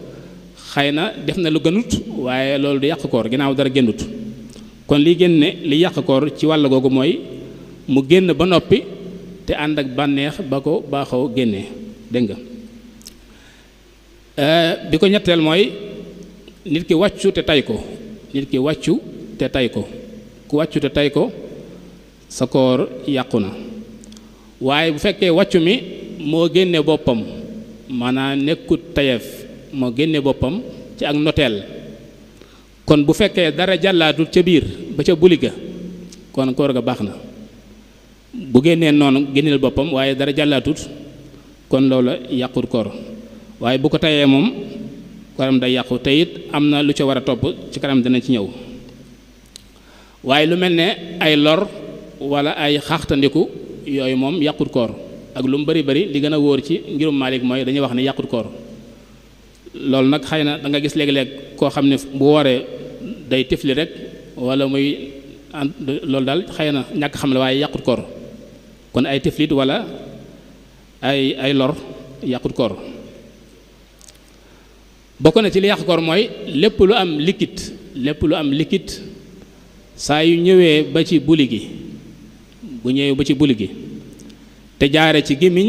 xay na def na lu gënut waaye loolu du yàq koor ginnaaw dara génnut kon li génne li yàq koor ci wàll googu mooy mu génn ba noppi te ànd ak bànneex ba ko baaxoo génne dégg nga euh, bi ko ñetteel mooy nit ki wàccu te tay ko nit ki wàccu te tay ko ku wàccu te ko sa koor yàqu na waaye bu fekkee wàccu mi moo génne boppam maanaam nekkut tayeef moo génne boppam ci ak noteel kon bu fekkee dara jàllaatul ca biir ba ca buliga kon koor ga baax na bu génnee noonu génneel boppam waaye dara jàllaatut kon loolu yàqul koor waaye bu ko tayee moom koram day yàqu te it am na lu ca war a topp ci kanam dina ci ñëw waaye lu mel ne ay lor walla ay xaxtandiku yooyu moom yàqut koor ak lu mu bari bari li gën a wóor ci ngirum Maalik mooy dañuy wax ne yàqut koor loolu nag xëy na da gis léeg-léeg koo xam ne bu waree day tifli rek walla muy ant loolu daal xëy na ñàkk xam la waaye yàqut koor kon ay tiflit wala ay ay lor yàqut koor bokk na ci li yàq koor mooy lépp lu am liquide lépp lu am liquide saa yu ñëwee ba ci buli gi bu ñëwee ba ci buli gi te jaare ci gémmiñ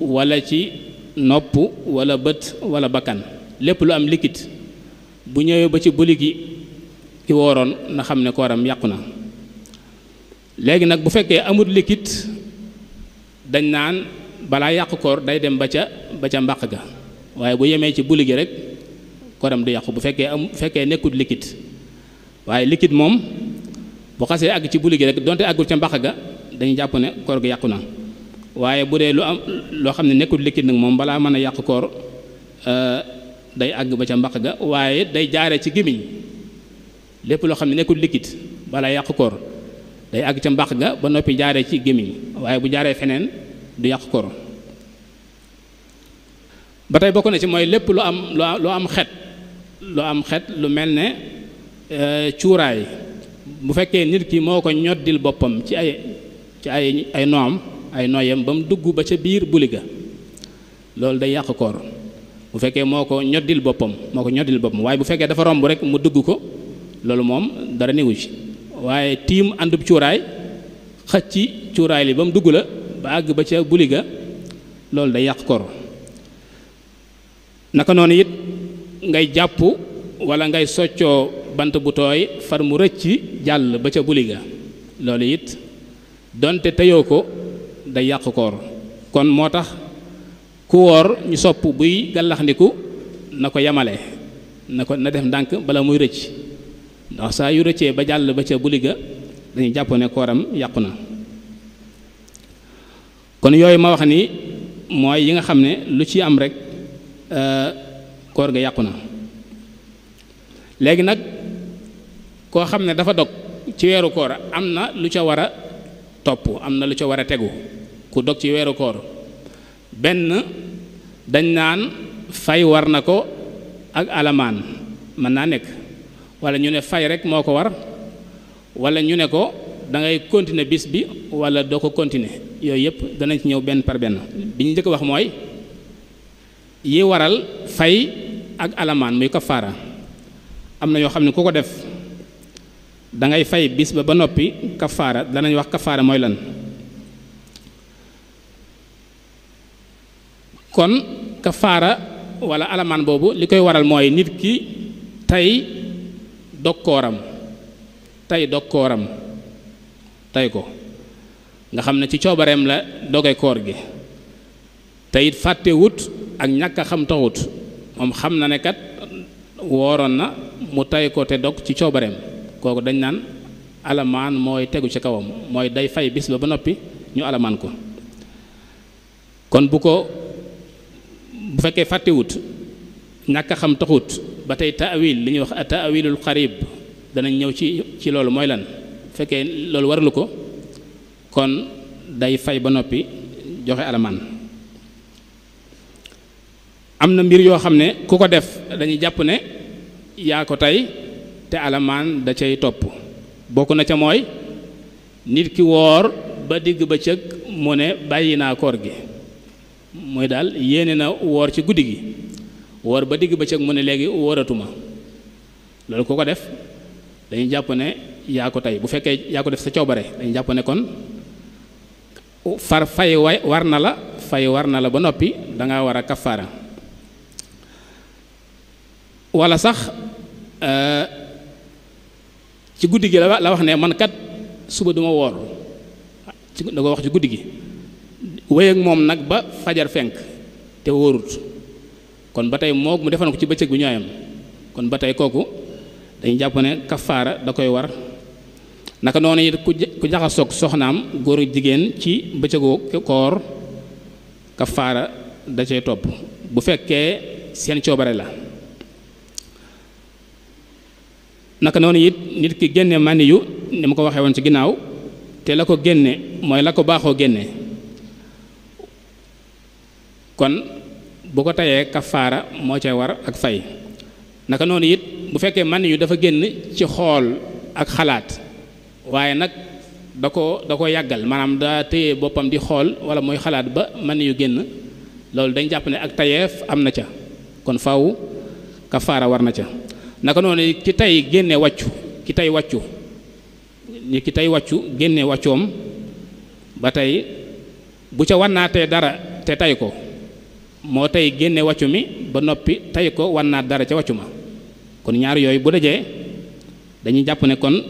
walla ci nopp wala bët wala bakkan lépp lu am liquide bu ñëwee ba ci buli gi ki wooroon na xam ne kooram yàqu na léegi nag bu fekkee amut liquide dañ naan balaa yàq koor day dem ba ca ba ca mbaq ga waaye bu yemee ci buli gi rek kooram du yàqu bu fekkee am bu fekkee nekkul liquide waaye liquide moom bu xasee àgg ci buli gi rek donte àggul ca mbàq ga dañu jàpp ne koor gi yàqu na waaye bu dee lu am loo xam ne nekkul liquide nag moom balaa mën a yàq koor euh, day àgg ba ca mbaq ga waaye day jaare ci gémmiñ lépp loo xam ne nekkul likit balaa yàq koor day àgg ca mbaq ga ba noppi jaaree ci gémmiñ waaye bu jaaree feneen du yàq koor ba tey bokk na ci mooy lépp lu am lu am xet lu am xet lu mel ne euh, cuuraay bu fekkee nit ki moo ko ñoddil boppam ci ay ci ay ay noam ay noyam ba mu dugg ba ca biir buli ga loolu day yàq koor bu fekkee moo ko ñoddil boppam moo ko ñoddil boppam waaye bu fekkee dafa romb rek mu dugg ko loolu moom dara newu ci waaye tiim àndub cuuraay xëcc cuuraay li ba mu dugg la ba àgg ba ca buli loolu day yàq kor naka noonu it ngay jàpp wala ngay soccoo bant bu tooy far mu rëcc jàll ba ca buli ga loolu it donte teyoo ko day yàq koor kon moo tax ku woor ñu sopp buy gàllaxndiku na ko yemale na ko na def ndànk bala muy rëcc ndax saa yu rëccee ba jàll ba ca buliga dañuy jàpp ne kooram yàqu na kon yooyu ma wax ni mooy yi nga xam ne lu ci am rek euh, koor gi yàqu na léegi nag koo xam ne dafa dog ci weeru koor am na lu ca war a topp am na lu ca war a tegu ku dog ci weeru koor benn dañ naan fay war na ko ak alamaan mën naa nekk wala ñu ne fay rek moo ko war wala ñu ne ko da ngay continuer bis bi wala doo ko continuer yooyu yëpp danañ ci ñëw benn par benn bi ñu njëkk wax mooy yi waral fay ak alamaan muy kafaara am na yoo xam ne ku ko def da ngay fay bis ba ba noppi kafaara danañ wax kafaara mooy lan kon kafaara wala alamaan boobu li koy waral mooy nit ki tey dog kooram tey dog kooram tey ko nga xam ne ci coobareem la dogekoor gi te fàttewut ak ñàkk a xam taxut moom xam na ne kat wooroon na mu tey ko te dog ci coobareem kooku dañ naan alamaan mooy tegu ci kawam mooy day fay bis ba ba noppi ñu alamaan ko kon bu ko bu fekkee fàttewut ñàkk a xam taxut ba tey taawil li ñuy wax taawilul xarib danañ ñëw ci ci loolu mooy lan bu fekkee loolu waralu ko kon day fay ba noppi joxe alamaan am na mbir yoo xam ne ku ko def dañuy jàpp ne yaa ko tey te alamaan da cay topp bokk na ca mooy nit ki woor ba digg bëccëg mu ne bàyyi naa koor gi mooy daal yéene na woor ci guddi gi woor ba digg ba bëccëg mu ne léegi wooratuma loolu ku ko def dañuy jàpp ne yaa ko tey bu fekkee yaa ko def sa coobare dañuy jàpp ne kon far fay way war na la fay war na la ba noppi danga war a kafaara wala sax euh, ci guddi gi la la wax ne man kat suba duma woor da ko wax ci guddi gi wéy moom nag ba fajar fenk te wóorut kon ba tey moo mu defoon ko ci bëccëg bi ñooyam kon ba tey kooku dañu jàpp ne kafaara da koy war naka noonu it ku jaxasoog soxnaam góor jigéen ci bëccëgu koor kafaara da cay topp bu fekkee seen coobare la naka noonu it nit ki génne màndi yu ni ma ko waxee ci ginnaaw te la ko génne mooy la ko baaxoo génne kon bu ko tayee kafaara moo cay war ak fay naka noonu it bu fekkee man yu dafa génn ci xool ak xalaat waaye nag da ko da ko yàggal maanaam da téye boppam di xool wala mooy xalaat ba man yu génn loolu dañ jàpp ne ak tayeef am na ca kon faw kafaara war na ca naka noonu ki tey génne wàccu ki tey wàccu ni tey wàccu génne wàccoom ba tey bu ca wannaatee dara te tey ko moo tey génne waccu mi ba noppi tey ko wan naa dara ca wàccu ma kon ñaar yooyu bu dajee dañuy jàpp ne kon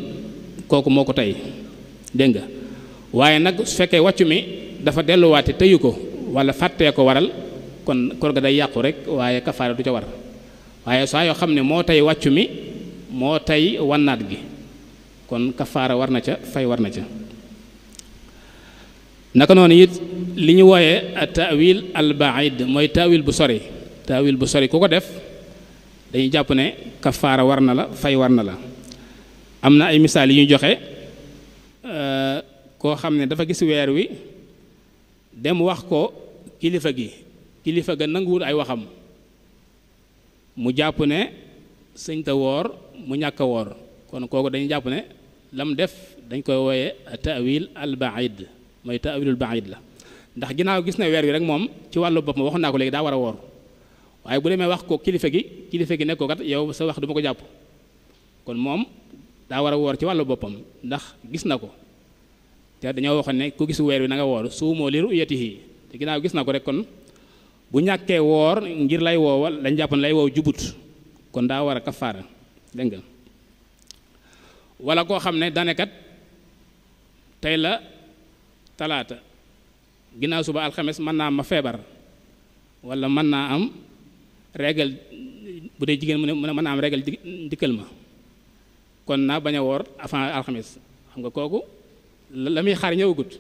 kooku moo ko tey dégg nga waaye nag su fekkee wàccu mi dafa delluwaate teyu ko wala fàttee ko waral kon koor ga day yàqu rek waaye kafaara du ca war waaye saa yoo xam ne moo tey wàccu mi moo tey wannaat gi kon kafaara war na ca fay war na ca naka noonu it li ñu wooyee taawil al baid mooy taawil bu sori taawil bu sori ku ko def dañuy jàpp ne kafaara war na la fay war na la am na ay misaal yi ñu joxe euh, koo xam ne dafa gis weer wi dem wax ko kilifa gi kilifa ga nanguwul ay waxam mu jàpp ne sëñ ta woor mu ñàkk woor kon kooku dañuy jàpp ne lam def dañ koy wooye taawil al baid mooy taawilul baid la ndax ginnaaw gis na weer wi rek moom ci wàllu bopp ma waxoon naa ko léegi daa war a woor waaye bu demee wax ko kilifa gi kilifa gi nekk ko kat yow sa wax du ma ko jàpp kon moom daa war a woor ci wàllu boppam ndax gis na ko te dañoo waxoon ne ko gisu weer wi na nga woor suumoo li ru'yatihi te ginnaaw gis na ko rek kon bu ñàkkee woor ngir lay woowal dañ jàpp ne lay woow jubut kon daa war a kafaara dégg koo xam ne danekat tey talaata ginnaaw suba alxemes mën naa am ma feebar walla mën naa am regal bu dee jigéen mu ne mën naa am régal dikkal ma kon naa bañ a woor avant alxemes xam nga kooku la muy xaar ñëwagut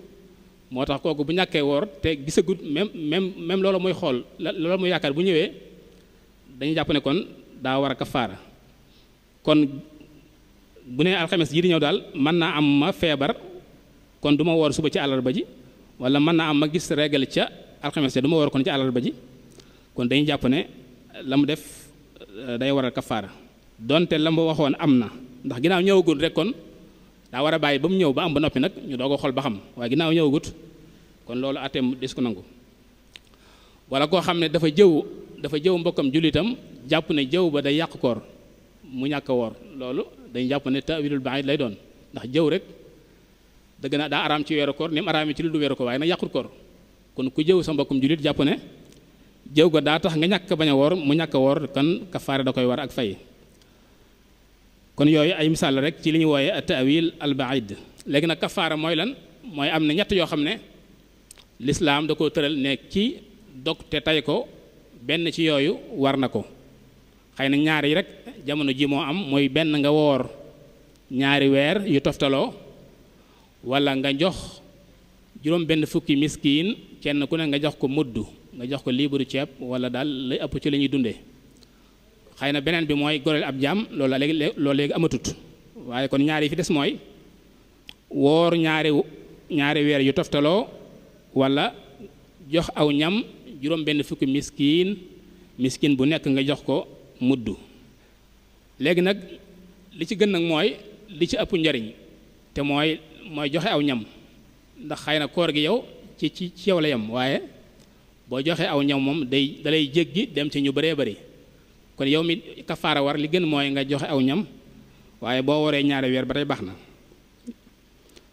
moo tax kooku bu ñàkkee woor te gisagut même même même loolu muy xool loolu muy yaakaar bu ñëwee dañu jàpp ne kon daa war a kafaara kon bu ne alxames yi di ñëw daal mën naa am ma feebar kon du ma woor suba ci àllarba ji wala mën naa am ma gis regal ca alxames ja du ma woor kon ci àllarba ji kon dañu jàpp ne la mu def euh, day waral kafaara donte la mu waxoon am na ndax ginnaaw ñëwagul rek kon daa war a bàyyi ba mu ñëw ba am ba noppi nag ñu doog a xool ba xam waaye ginnaaw ñëwagut kon loolu atteem des ko nangu wala koo xam ne dafa jëw dafa jëw mbokkam jullitam jàpp ne jëw ba day yàq koor mu ñàkk woor loolu dañu jàpp ne tawilul baid lay doon ndax jëw rek dëgg naa daa araam ci weeru koor ni mu araamee ci lu du weeru koor waaye nag yàqut koor kon ku jëw sa mbokkum jullit jàpp ne jëw ga daa tax nga ñàkk bañ a woor mu ñàkk a woor kon kafaare da koy war ak fay kon yooyu ay misaal rek ci li ñu wooyee at-ta'wil al-ba'id léegi nag kafaara mooy lan mooy am na ñett yoo xam ne lislaam da koo tëral ne ci dog te tay ko benn ci yooyu war na ko xëy na ñaar yi rek jamono ji moo am mooy benn nga woor ñaari weer yu toftaloo wala nga jox juróom benn fukki miskiin kenn ku ne nga jox ko muddu nga jox ko liibaru ceeb wala daal lay ëpp ci la ñuy dundee xëy na beneen bi mooy goreel ab jaam loolu léegi loolu amatut waaye kon ñaari yi fi des mooy woor ñaari ñaari weer yu toftaloo wala jox aw ñam juróom benn fukki miskiin miskiin bu nekk nga jox ko muddu léegi nag li ci gën nag mooy li ci ëpp njariñ te mooy mooy joxe aw ñam ndax xëy na koor gi yow ci ci ci yow la yam waaye boo joxe aw ñam moom day dalay jéggi dem ci ñu bëree bëri kon yow mi kafaara war li gën mooy nga joxe aw ñam waaye boo waree ñaari weer ba tey baax na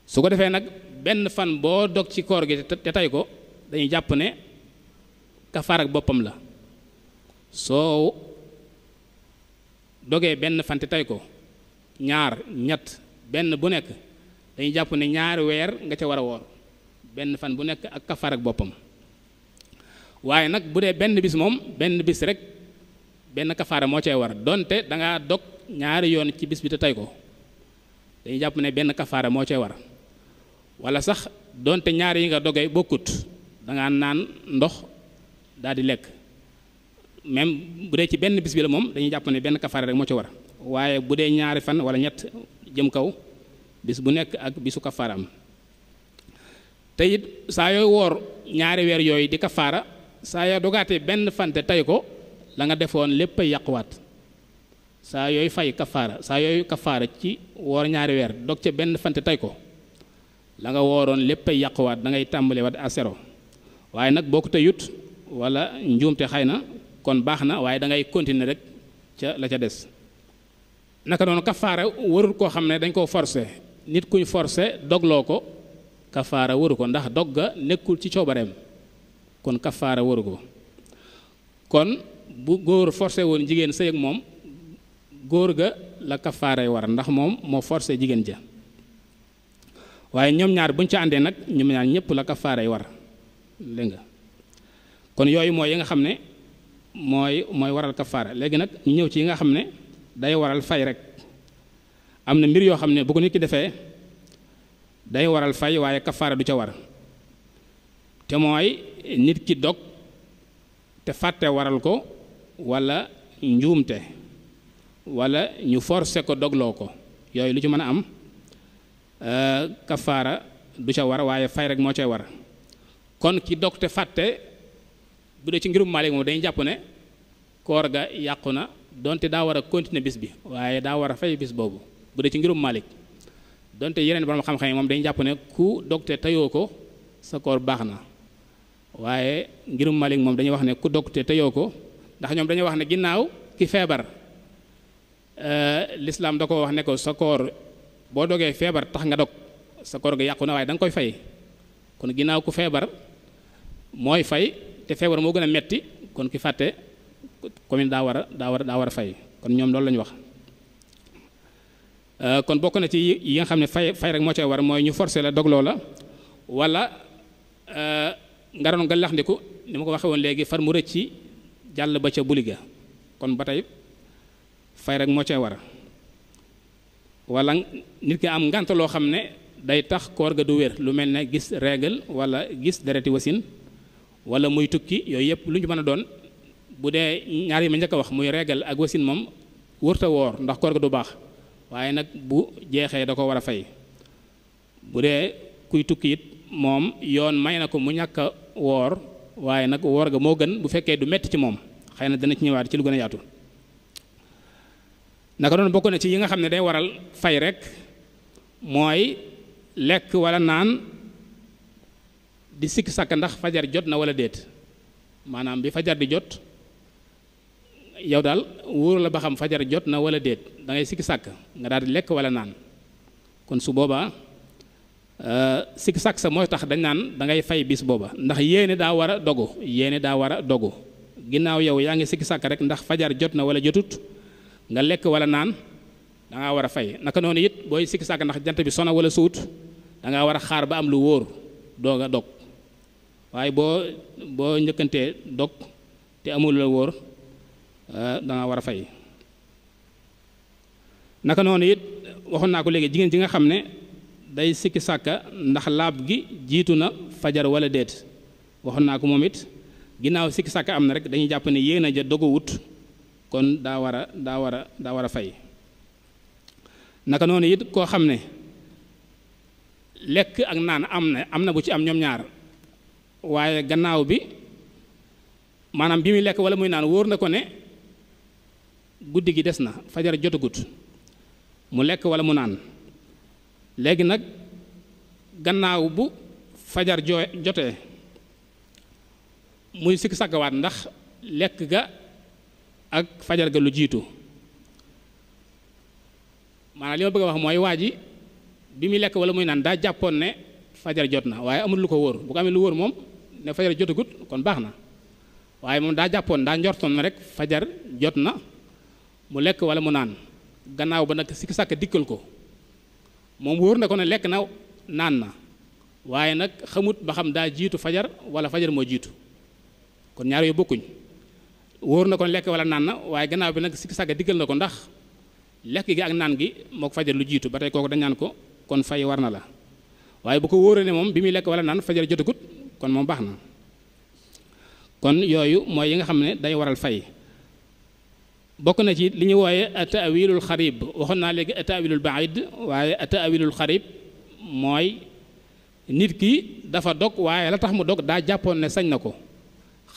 su ko defee nag benn fan boo dog ci koor gi te tey ko dañuy jàpp ne kafaar ak boppam la soo dogee benn fan te tey ko ñaar ñett benn bu nekk dañuy jàpp ne ñaari weer nga ca war a woor benn fan bu nekk ak kafaar ak boppam waaye nag bu dee benn bis moom benn bis rek benn kafaara moo cay war donte da ngaa dog ñaari yoon ci bis bi te tey ko jàpp ne benn kafaara moo cay war wala sax donte ñaari yi nga dogee bokkut da naan ndox daal di lekk même bu dee ci benn bis bi la moom dañuy jàpp ne benn kafaara rek moo ci war waaye bu dee ñaari fan walla ñett jëm kaw. bis bu nekk ak bisu kafaaram te it saa yooy woor ñaari weer yooyu di kafaara saa yoo dogaate benn fante tey ko la nga defoon lépp ay yàquwaat saa yooy fay kafaara saa yooyu kafaara ci woor ñaari weer dog ca benn fante tey ko la nga wooroon lépp ay yàquwaat da ngay tàmbale wat asero waaye nag boo ko teyut wala njuumte xay na kon baax na waaye da ngay continuer rek ca la ca des naka noonu kafaara warul koo xam ne dañ koo forcer nit kuñ forcé dogloo ko kafaara waru ko ndax dog ga nekkul ci coobareem kon kafaara waru ko kon bu góor forcé woon jigéen sëy ak moom góor ga la kafaaray war ndax moom moo forcé jigéen ja waaye ñoom ñaar buñ ca àndee nag ñoom ñaar ñëpp la kafaaray war dégg nga kon yooyu mooy yi nga xam ne mooy mooy waral kafaara léegi nag ñu ñëw ci yi nga xam ne day waral fay rek am na mbir yoo xam ne bu ko nit ki defee day waral fay waaye kafaara du ca war te mooy nit ki dog te fàtte waral ko wala njuumte wala ñu forcé ko dogloo ko yooyu lu ci mën a am euh, kafaara du ca war waaye fay rek moo cay war kon ki dog te fàtte bu dee ci ngirum Maalik moom dañuy jàpp ne koor ga yàqu na donte daa war a continuer bis bi waaye daa war a fay bis boobu bu dee ci ngirum Malik donte yeneen borom xam-xam yi moom dañ jàpp ne ku dog te ko sa koor baax na waaye ngirum Malik moom dañuy wax ne ku dog teyoo ko ndax ñoom dañuy wax ne ginnaaw ki feebar euh, lislaam da ko wax ne ko sa koor boo dogee feebar tax nga dog sa koor ga yàqu na waaye da nga koy fay kon ginnaaw ku feebar mooy fay te feebar moo gën a metti kon ki fàtte commune daa war a daa war a daa war a fay kon ñoom loolu la ñu wax Euh, kon bokk na ci yi nga xam ne fay fay rek moo cay war mooy ñu forcé la dogloo la wala euh, nga doon nga lax ni ma ko waxee woon léegi far mu rëcc ci jàll ba ca buliga kon ba tey fay rek moo cay wara wala nit ki am ngànt loo xam ne day tax koor ga du wér lu mel ne gis règle wala gis dereti wasin wala muy tukki yooyu yëpp lu ñu mën a doon bu dee ñaar yi ma njëkk a wax muy règle ak wasin moom wërta woor ndax koor ga du baax waaye nag bu jeexee da ko war a fay bu dee kuy tukkiit moom yoon may na ko mu ñàkk woor waaye nag woor ga moo gën bu fekkee du metti ci moom xëy na dana ci ñëwaat ci lu gën a yaatu naka doon bokk na ci yi nga xam ne day waral fay rek mooy lekk walla naan di sikk sàkk ndax fajar jot na walla déet maanaam bi fajar di jot yow daal wóor la ba xam fajar jot na wala déet da ngay sikki sàkk nga daal di lekk wala naan kon su boobaa euh, sikki sàkk sa mooy tax dañ naan da ngay fay bis booba ndax yéene daa war a dogu yéene daa war a dogu ginnaaw yow yaa ngi sikki sàkk rek ndax fajar jot na wala jotut nga lekk wala naan da ngaa war a fay naka noonu it booy sikki sàkk ndax jant bi sona wala suut da ngaa war a xaar ba am lu wóor doog a dog waaye boo boo njëkkantee dog te amul la wóor Eh, danga war a fay naka noonu it waxoon naa ko léegi jigéen ji nga xam ne day sikki sàkka ndax laab gi jiitu na fajar wala déet waxoon naa ko moom it ginnaaw sikki sàkka am na rek dañuy jàpp ne yéen a ja dogu kon daa war a daa war a daa war a fay naka noonu it koo xam ne lekk ak naan am na am na bu ci am ñoom ñaar waaye gannaaw bi maanaam bi muy lekk wala muy naan wóor na ko ne guddi gi des na fajar jotagut mu lekk wala mu naan léegi nag gannaaw bu fajar jo jotee muy sikk sagawaat ndax lekk ga ak fajar ga lu jiitu maanaam li ma bëgg wax mooy waa ji bi muy lekk wala muy naan daa jàppoon ne fajar jot na waaye amul lu ko wóor bu ko amee lu wóor moom ne fajar jotagut kon baax na waaye moom daa jàppoon daa njortoon na rek fajar jot na mu lekk wala mu naan gannaaw ba nag sikki sàkk dikkal ko moom wóor na ko ne lekk na naan na waaye nag xamut ba xam daa jiitu fajar wala fajar moo jiitu kon ñaar yooyu bokkuñ wóor na ko lekk wala naan na waaye gannaaw bi nag sikki sàkk dikkal na ko ndax lekk gi ak naan gi moo fajar lu jiitu ba tey kooku dañ naan ko kon fay war na la waaye bu ko wóoree ne moom bi muy lekk wala naan fajar jotagut kon moom baax na kon yooyu mooy yi nga xam ne day waral fay bokk na ci li ñu wooye ataawilul xarib waxoon naa léegi ataawilul baid waaye ataawilul xarib mooy nit ki dafa dog waaye la tax mu dog daa jàppoon ne sañ na ko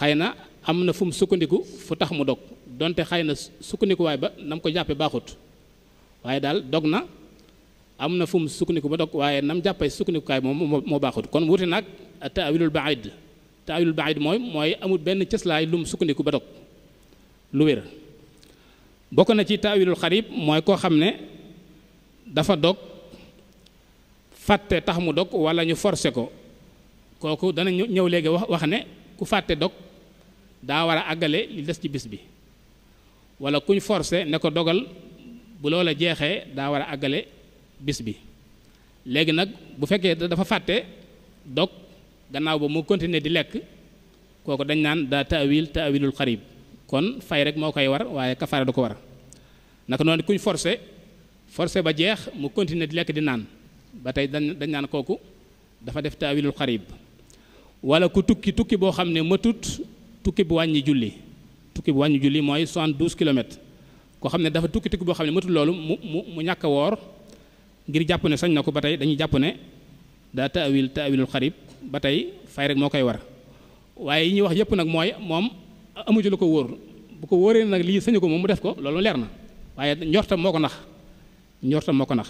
xëy na am na fu mu sukkandiku fu tax mu dog donte xëy na sukkandikuwaay ba nam ko jàppee baaxut waaye daal dog na am na fu mu sukkandiku ba dog waaye nam jàppe sukkandikukaay moom moo baaxut kon wuti nag ataawilul baid taawilul baid mooy mooy amul benn cëslaay lu sukkandiku ba dog lu wér bokk na ci taawilul xarib mooy koo xam ne dafa dog fàtte tax mu dog walla ñu forcé ko kooku dana ñëw léegi wax wax ne ku fàtte dog daa war a àggale li des ci bis bi wala kuñ forcé ne ko dogal bu loola jeexee daa war a àggale bis bi léegi nag bu fekkee dafa fàtte dog gannaaw ba mu continuer di lekk kooku dañ naan daa taawil taawilul xarib kon fay rek moo koy war waaye kafaara du ko war naka noonu kuñ forcé forcé ba jeex mu continuer di lekk di naan ba tey dañ dañ naan kooku dafa def taawilul xarib wala ku tukki tukki boo xam ne matut tukki bu wàññi julli tukki bu wàññi julli mooy 72 kilomètres koo xam ne dafa tukki tukki boo xam ne matut loolu mu mu mu ñàkk a woor ngir jàpp ne sañ na ko ba tey dañuy jàpp ne daa taawil taawilul xarib ba tey fay rek moo koy war waaye yi ñuy wax amu ci lu ko wóor bu ko wóoree nag lii sañu ko moom mu def ko loolu leer na waaye njortam moo ko nax njortam moo ko nax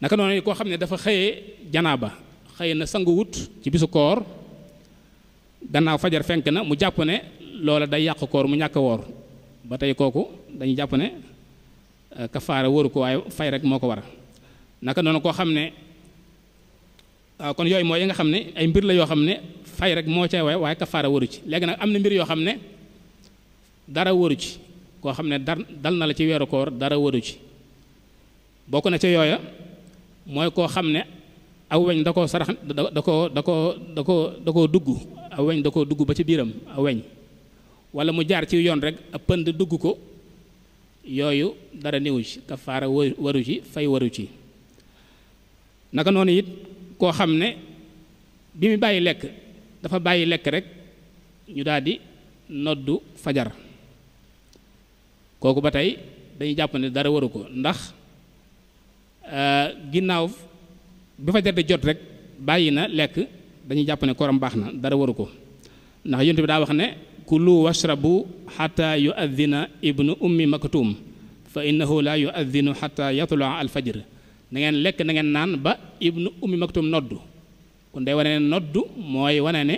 naka noonu koo xam ne dafa xëyee janaaba xëy na sangu ci bisu koor gannaaw fajar fenk na mu jàpp ne loola day yàq koor mu ñàkk woor ba tey kooku dañu jàpp ne euh, kafaara wóoru ko waaye fay rek moo ko war naka noonu koo xam ne kon yooyu mooy yi nga xam ne ay mbir la yoo xam ne fay rek moo cay way waaye kafaara waru ci léegi nag am na mbir yoo xam ne dara waru ci koo xam ne dar dal na la ci weeru koor dara waru ci bokk na ca yooya mooy koo xam ne aweñ da koo sarax da koo da koo da koo da koo dugg aw weñ da koo dugg ba ci biiram aw weñ mu jaar ci yoon rek ab pënd dugg ko yooyu dara néewu ci kafaara waru ci fay waru ci naka noonu it koo xam ne bi mu bàyyi lekk dafa bàyyi lekk rek ñu daal di noddu fajar kooku ba tey dañuy jàpp ne dara waru ko ndax euh, ginnaaw bi fajar di jot rek bàyyi na lekk dañu jàpp ne koram baax na dara waru ko ndax yonent bi daa wax ne kulu washrabu xata yuaddina ibnu ummi maktum fa innahu la yuaddinu xata yatlua alfajr na ngeen lekk na ngeen naan ba ibnu ummi maktum noddu kon day wane ne noddu mooy wane ne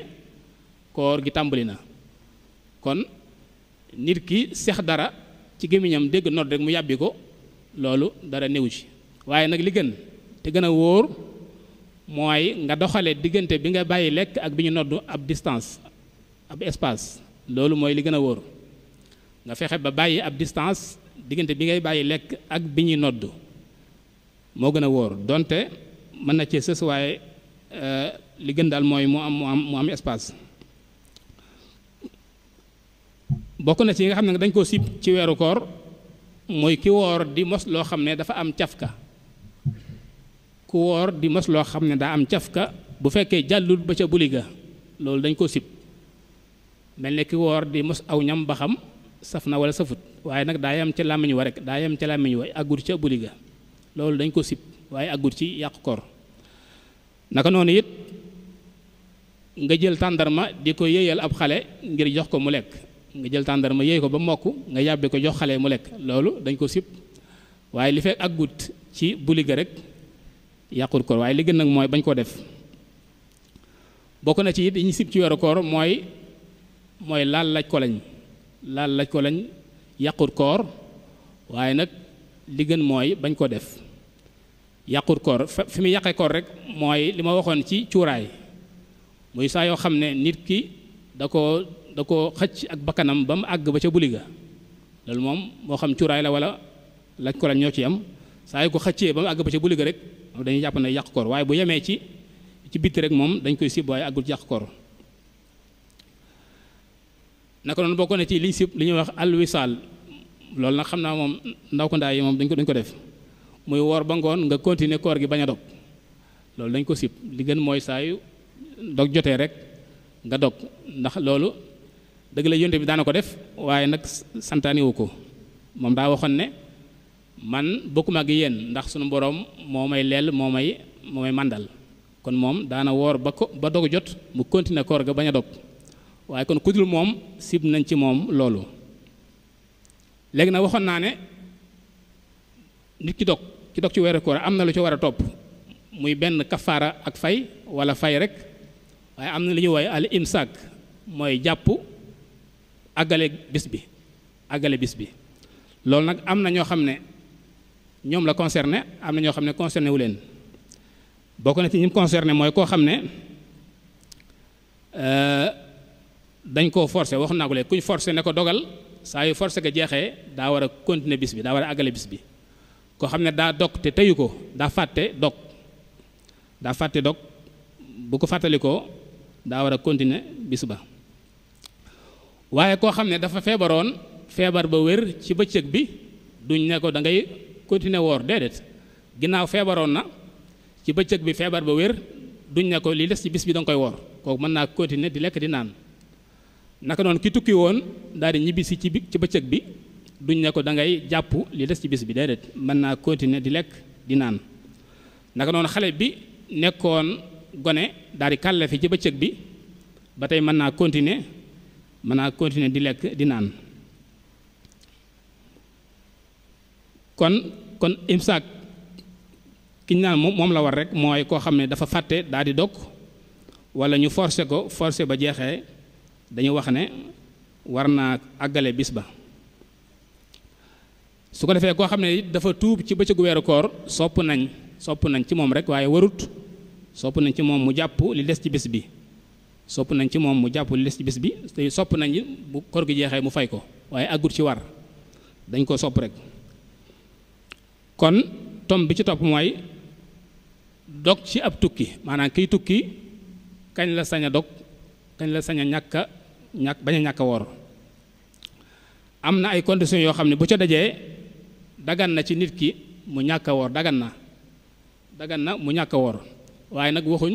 koor gi tàmbali na kon nit ki sex dara ci gémmiñam dégg nodd rek mu yàbbi ko loolu dara néewu ci waaye nag li gën te gën a wóor mooy nga doxale diggante bi nga bàyyi lekk ak bi ñu nodd ab distance ab espace loolu mooy li gën a wóor nga fexe ba bàyyi ab distance diggante bi ngay bàyyi lekk ak bi ñuy nodd moo gën a wóor donte mën na ci sës waaye Euh, li gën daal mooy mu am mu am mu espace bokk na si yi nga xam ne dañ koo sib ci weeru koor mooy ki woor di mos loo xam ne dafa am cafka ku woor di mos loo xam ne daa am cafka bu fekkee jàllut ba ca buliga loolu dañ koo sib mel ne ki woor di mos aw ñam ba xam saf na wala safut waaye nag daa yam ca làmmiñ wa rek daa yam ca làmmiñ wa aggut ca buliga loolu dañ ko sib waaye aggut ci yàq koor naka noonu it nga jël tàndarma di ko yéyal ab xale ngir jox ko mu lekk nga jël tàndarma yéey ko ba mokk nga yàbbi ko jox xale mu lekk loolu dañ ko sib waaye li fekk ak gut ci buli ga rek yàqut koor waaye li gën nag mooy bañ koo def bokk na ci it ñu sib ci weeru koor mooy mooy laal laj ko lañ laal laj ko lañ yàqul koor waaye nag li gën mooy bañ koo def yàqut koor fi mu yàqee koor rek mooy li ma waxoon ci cuuraay muy saa yoo xam ne nit ki da koo da ko xëcc ak bakkanam ba mu àgg ba ca buli ga loolu moom moo xam cuuraay la wala lañ ko la ñoo ci am saa yu ko xëccee ba àgg ba ca buli ga rek dañu jàpp na yàq koor waaye bu yemee ci ci bitti rek moom dañ koy sib waaye àggul ci yàq koor naka noonu bokk na ci liñ sib li ñuy wax alwisaal loolu na xam naa moom ndaw ko ndaay yi moom dañ ko dañ ko def muy woor ba ngoon nga continuer koor gi bañ a dog loolu dañ ko sib li gën mooy saayu dog jotee rek nga dog ndax loolu dëgg la yonte bi daana ko def waaye nag santaaniwu ko moom daa waxoon ne man bokkuma ak yéen ndax suñu boroom moo may leel moo may moo may màndal kon moom daana woor ba ko ba dog jot mu continuer koor ga bañ a dog waaye kon kudul moom sib nañ ci moom loolu léegi nag waxoon naa ne nit ki dog ci dog ci weeru koor am na lu ci war a topp muy benn kafaara ak fay wala fay rek waaye am na lu ñuy wooye al imsaak mooy jàpp àggale bis bi àggale bis bi loolu nag am na ñoo xam ne ñoom la concerné am na ñoo xam ne concerné wu leen ko na ci ñu concerné mooy koo xam ne euh, dañ koo forcé wax naa ko léegi kuñ forcé ne ko dogal saa yu forcé ga jeexee daa war a continuer bis bi daa war a àggale bis bi koo xam ne daa dog te teyu ko daa fàtte dog daa fàtte dog bu ko fàttalikoo daa war a continé bis ba waaye koo xam ne dafa feebaroon feebar ba wér ci bëccëg bi duñ ne ko da ngay continuer woor déedéet ginnaaw feebaroon na ci bëccëg bi feebar ba wér duñ ne ko li des ci bis bi danga koy woor kooku mën naa continuer di lekk di naan naka noonu ki tukki woon daal di ñibbisi ci bëccëg bi duñ ne ko da ngay jàpp li des ci bis bi déedéet mën naa continuer di lekk di naan naka noonu xale bi nekkoon gone daal di kàlle fi ci bëccëg bi ba tey mën naa continuer mën naa continuer di lekk di naan kon kon imsaak ki ñu naan moom la war rek mooy koo xam ne dafa fàtte daal di dog wala ñu forcer ko forcer ba jeexee dañu wax ne war naa àggale bis ba su ko defee koo xam ne it dafa tuub ci bëccëgu weeru koor sopp nañ sopp nañ ci moom rek waaye warut sopp nañ ci moom mu jàpp li des ci bés bi sopp nañ ci moom mu jàpp li des ci bés bi te sopp nañ bu koor gi jeexee mu fay ko waaye àggut ci war dañ ko sopp rek kon tom bi ci topp mooy dog ci ab tukki maanaam kiy tukki kañ la sañ a dog kañ la sañ a ñàkk a ñàkk bañ a ñàkk a woor am na ay conditions yoo xam ne bu ca dajee dagan na ci nit ki mu ñàkk woor dagan na dagan na mu ñàkk a woor waaye nag waxuñ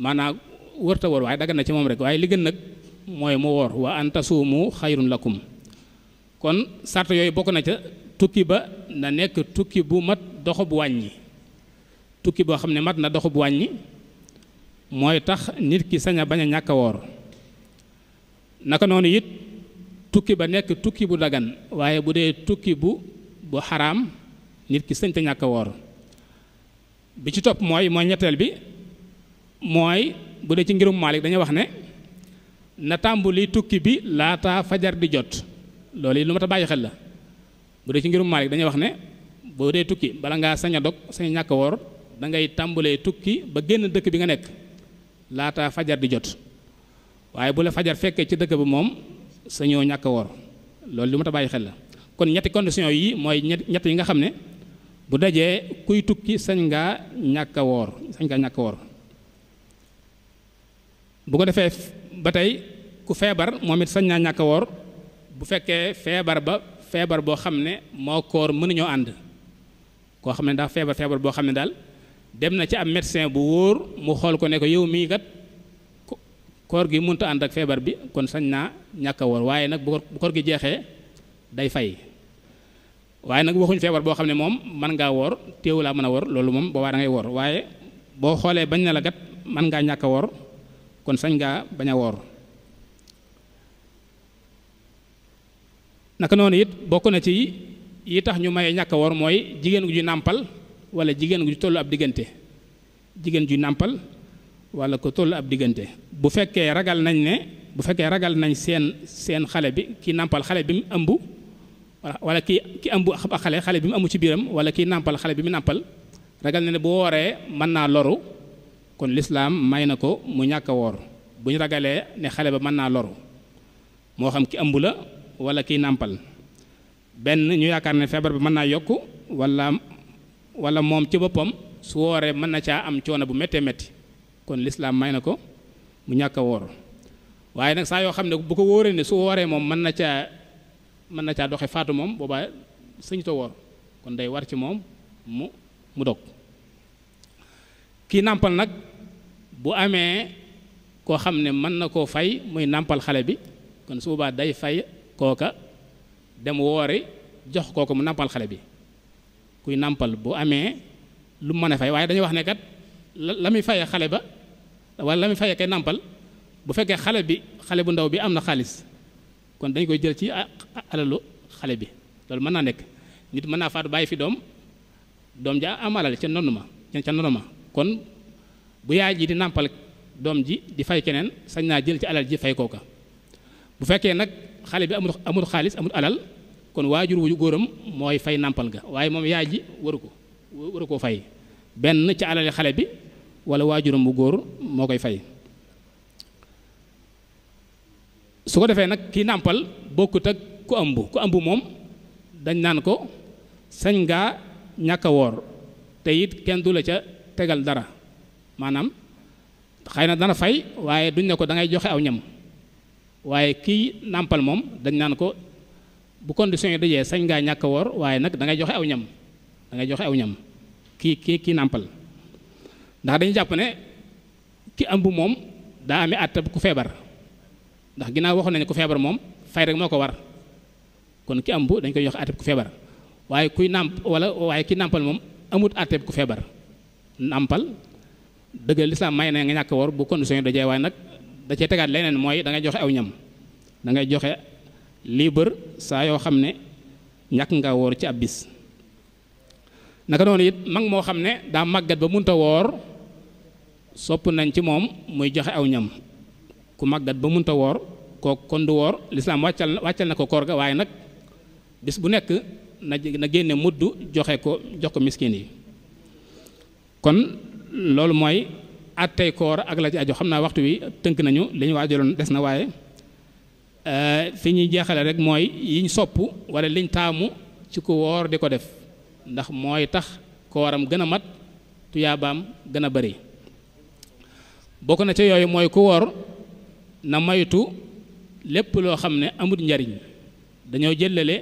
maanaam wërta woor waaye dagan na ci moom rekk waaye li gën nag mooy mu woor wa an tasuumu xayrun lakum kon sart yooyu bokk na ca tukki ba na nekk tukki bu mat doxo doxub wàññi tukki boo xam ne mat na doxo doxub wàññi mooy tax nit ki sañ baña bañ a naka noonu it tukki ba nekk tukki bu dagan waaye bu dee tukki bu bu xaraam nit ki sëñta ñàkk woor bi ci topp mooy mooy ñetteel bi mooy bu dee ci ngirum Maalik dañuy wax ne na tàmbuli tukki bi laata fajar di jot loolu yi lu mat a bàyyi xel la bu dee ci ngirum Maalik dañuy wax ne boo dee tukki bala ngaa saña dog sañ a ñàkk woor da ngay tàmbulee tukki ba génn dëkk bi nga nekk laata fajar di jot waaye bu la fajar fekkee ci dëkk bi moom sañoo ñàkk woor loolu lu mat a bàyyi xel la kon ñetti condition yi mooy ñett yi nga xam ne bu dajee kuy tukki sañ ngaa ñàkk a woor sañ ngaa ñàkk bu ko defee ba tey ku feebar moom it sañ naa ñàkk bu fekkee feebar ba feebar boo xam ne moo koor mënuñoo ànd koo xam ne ndax feebar feebar boo xam ne daal dem na ci am médecin bu wóor mu xool ko ne ko yow mii kat koor gi mënta ànd ak feebar bi kon sañ naa ñàkkawoor waaye nag bu koor gi jeexee day fay waaye nag waxuñ feebar boo xam ne moom mën ngaa woor téewu laa mën a woor loolu moom boobaa da ngay woor waaye boo xoolee bañ na la gat man ngaa ñàkk a woor kon sañ ngaa bañ a woor naka noonu it bokk na ci yi tax ñu maye ñàkk a woor mooy jigéen gu ju nàmpal wala jigéen gu ju ab diggante jigéen ju nàmpal wala ko toll ab diggante bu fekkee ragal nañ ne bu fekkee ragal nañ seen seen xale bi ki nàmpal xale bi mu ëmb wala ki ki ëmb xale xale bi mu amu ci biiram wala ki nàmpal xale bi mu nàmpal ragal na ne bu wooree mën naa loru kon lislaam may na ko mu ñàkk a woor bu ñu ragalee ne xale ba mën naa loru moo xam ki ëmb wala kiy nàmpal benn ñu yaakaar ne feebar bi mën naa yokk wala wala moom ci boppam su wooree mën na caa am coono bu méttee métti kon lislaam may na ko mu ñàkk a waaye nag saa yoo xam ne bu ko wóoree ne su wooree moom mën na caa mën na caa doxe faatu moom boobaa sëñ to woor kon day war ci moom mu mu dog kii nàmpal nag bu amee koo xam ne mën na koo fay muy nàmpal xale bi kon su boobaa day fay kooka dem woori jox kooka mu nàmpal xale bi kuy nàmpal bu amee lu mën a fay waaye dañuy wax ne kat la muy faye xale ba walla la muy faye kay nàmpal bu fekkee xale bi xale bu ndaw bi am na xaalis kon dañ koy jël ci alalu xale bi loolu mën naa nekk nit mën naa faatu bàyyi fi doom doom ja am alal ca nonn ma ca nonn ma kon bu yaay ji di nàmpal doom ji di fay keneen sañ naa jël ci alal ji fay kooka bu fekkee nag xale bi amul amul xaalis amul alal kon waajur wu góoram mooy fay nàmpal ga waaye moom yaay ji waru ko waru koo fay benn ci alali xale bi wala waajuram bu góor moo koy fay su ko defee nag kii nàmpal bokkut ak ku ëmb ku ëmb moom dañ naan ko sañ ngaa ñàkkawoor a te it kenn du la ca tegal dara maanaam xëy na dana fay waaye duñ ne ko da ngay joxe aw ñam waaye kii nàmpal moom dañ naan ko bu condition yi dajee sañ ngaa ñàkk woor waaye nag dangay joxe aw ñam da ngay joxe aw ñam kii kii kii nàmpal ndax dañu jàpp ne ki ëmb moom daa amee àttab ku feebar ndax ginnaaw waxu nañ ku feebar moom fay rek moo ko war kon ki am bu dañ koy jox atteb ku feebar waaye kuy nàmp wala waaye ki nàmpal moom amut atteb ku feebar nàmpal dëgg saa may na nga ñàkk war bu condition yi dajee waaye nag da tegaat leneen mooy da joxe aw ñam dangay joxe liibër saa yoo xam ne ñàkk nga woor ci ab bis naka noonu it mag moo xam ne daa màggat ba munta woor sopp nañ ci moom muy joxe aw ñam ku màggat ba munta woor kook kon du woor lislaam wàccal na wàccal na ko koor ga waaye nag bis bu nekk na na génne mudd joxe ko jox ko miskin yi kon loolu mooy attey koor ak la ci ajo xam naa waxtu wi tënk nañu li waajaloon des na waaye euh, fi ñuy jeexale rek mooy yiñ sopp wala liñ taamu ci ku woor di ko def ndax mooy tax kooram gën a mat tuyaabaam gën a bari bokk na ca yooyu mooy ku woor na moytu lépp loo xam ne amut njariñ dañoo jëlale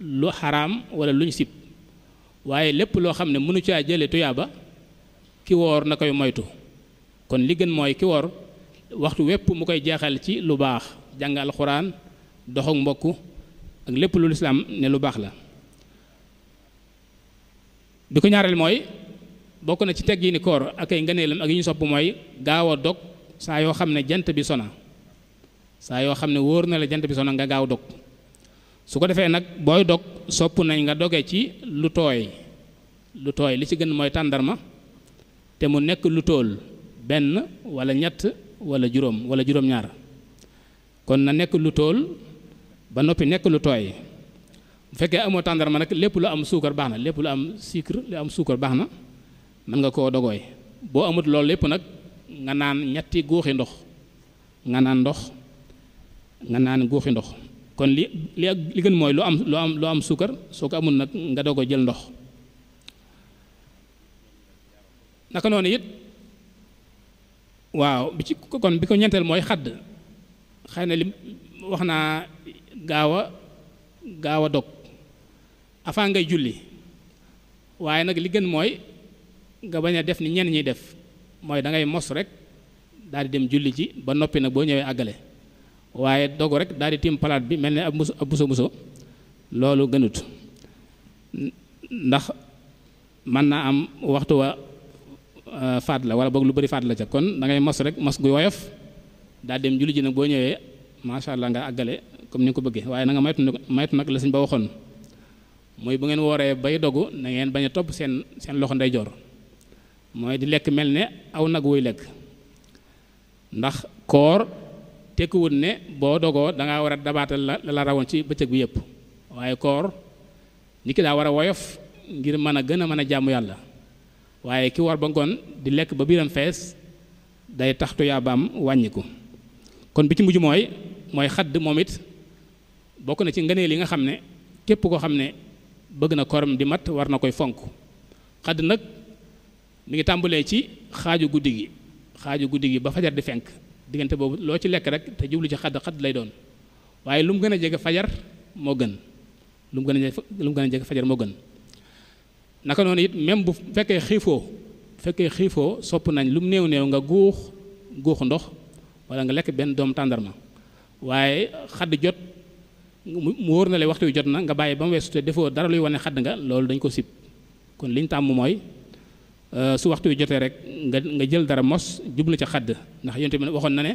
lu xaraam wala luñ sib waaye lépp loo xam ne mënu caa jële tuyaaba ki na koy moytu kon li gën mooy ki woor waxtu wépp mu koy jeexal ci lu baax jàng alxuraan dox mbokk ak lépp lu lislaam ne lu baax la bi ko ñaareel mooy bokk na ci teggiini koor ak ay ngëneelam ak yi ñu sopp mooy gaaw a dog saa yoo xam ne jant bi sona saa yoo xam ne wóor na la jant bi sona nga gaaw dog su ko defee nag booy dog sopp nañ nga doge ci lu tooy lu tooy li ci gën mooy tàndarma te mu nekk lu tool benn wala ñett wala juróom wala juróom-ñaar kon na nekk lu tóol ba noppi nekk lu tooy bu fekkee amoo tàndarma nag lépp lu am suukar baax na lépp lu am sucre lu am suukar baax na mën nga koo dogooy boo amut loolu lépp nag nga naan ñetti góoxi ndox nga naan ndox nga naan góoxi ndox kon li li gën mooy lu am lu am lu am suukar soo ko amul nag nga doog a jël ndox naka noonu it waaw bi ci kon bi ko ñeenteel mooy xadd xëy na li wax naa gaawa a gaaw a dog avant ngay julli waaye nag li gën mooy nga bañ a def ni ñenn ñiy def mooy da ngay mos rek daal di dem julli ji ba noppi nag boo ñëwee àggale waaye dogu rek daal di tiim palaat bi mel ni ab mus ab buso buso loolu gënut ndax mën naa am waxtu wa euh, faat la wala boog lu bari faat la ca kon da ngay mos rek mos gu woyof daal dem julli ji nag boo ñëwee macha allah nga àggale comme ni nga ko bëggee waaye na nga maytu maytu nag la siñ ba waxoon mooy bu ngeen wooree bay dogu na ngeen bañ a topp seen seen loxo ndeyjoor mooy di lekk mel ne aw nag wuy lekk ndax koor tekkiwut ne boo dogoo danga war a dabaatal la la rawoon ci bëccëg bi yépp waaye koor ni ki daa war a woyof ngir mën a gën a mën a jàmm yàlla waaye ki war ba ngoon di lekk ba biiram fees day tax tuyaabaam wàññiku kon bi ci mujj mooy mooy xadd moom it bokk na ci ngëneel yi nga xam ne képp koo xam ne bëgg na kooram di mat war na koy fonk xadd nag mi ngi tàmbalee ci xaaju guddi gi xaaju guddi gi ba fajar di fenk diggante boobu loo ci lekk rek te jublu ci xadd xadd lay doon waaye lu mu gën a jege fajar moo gën lu gën a lu mu gën a gën naka noonu it même bu fekkee xiifoo fekkee xiifoo sopp nañ lu mu néew néew nga guux guuxu ndox walla nga lekk benn doom tàndarma waaye xadd jot mu mu wóor na le waxtu wi jot na nga bàyyi ba mu weesu te defoo dara luy wane xadd nga loolu dañ ko sib kon liñ tàmm mooy Euh, su waxtu wi jotee rek nga nga jël dara mos jublu ci xadd ndax yonte bi waxoon na ne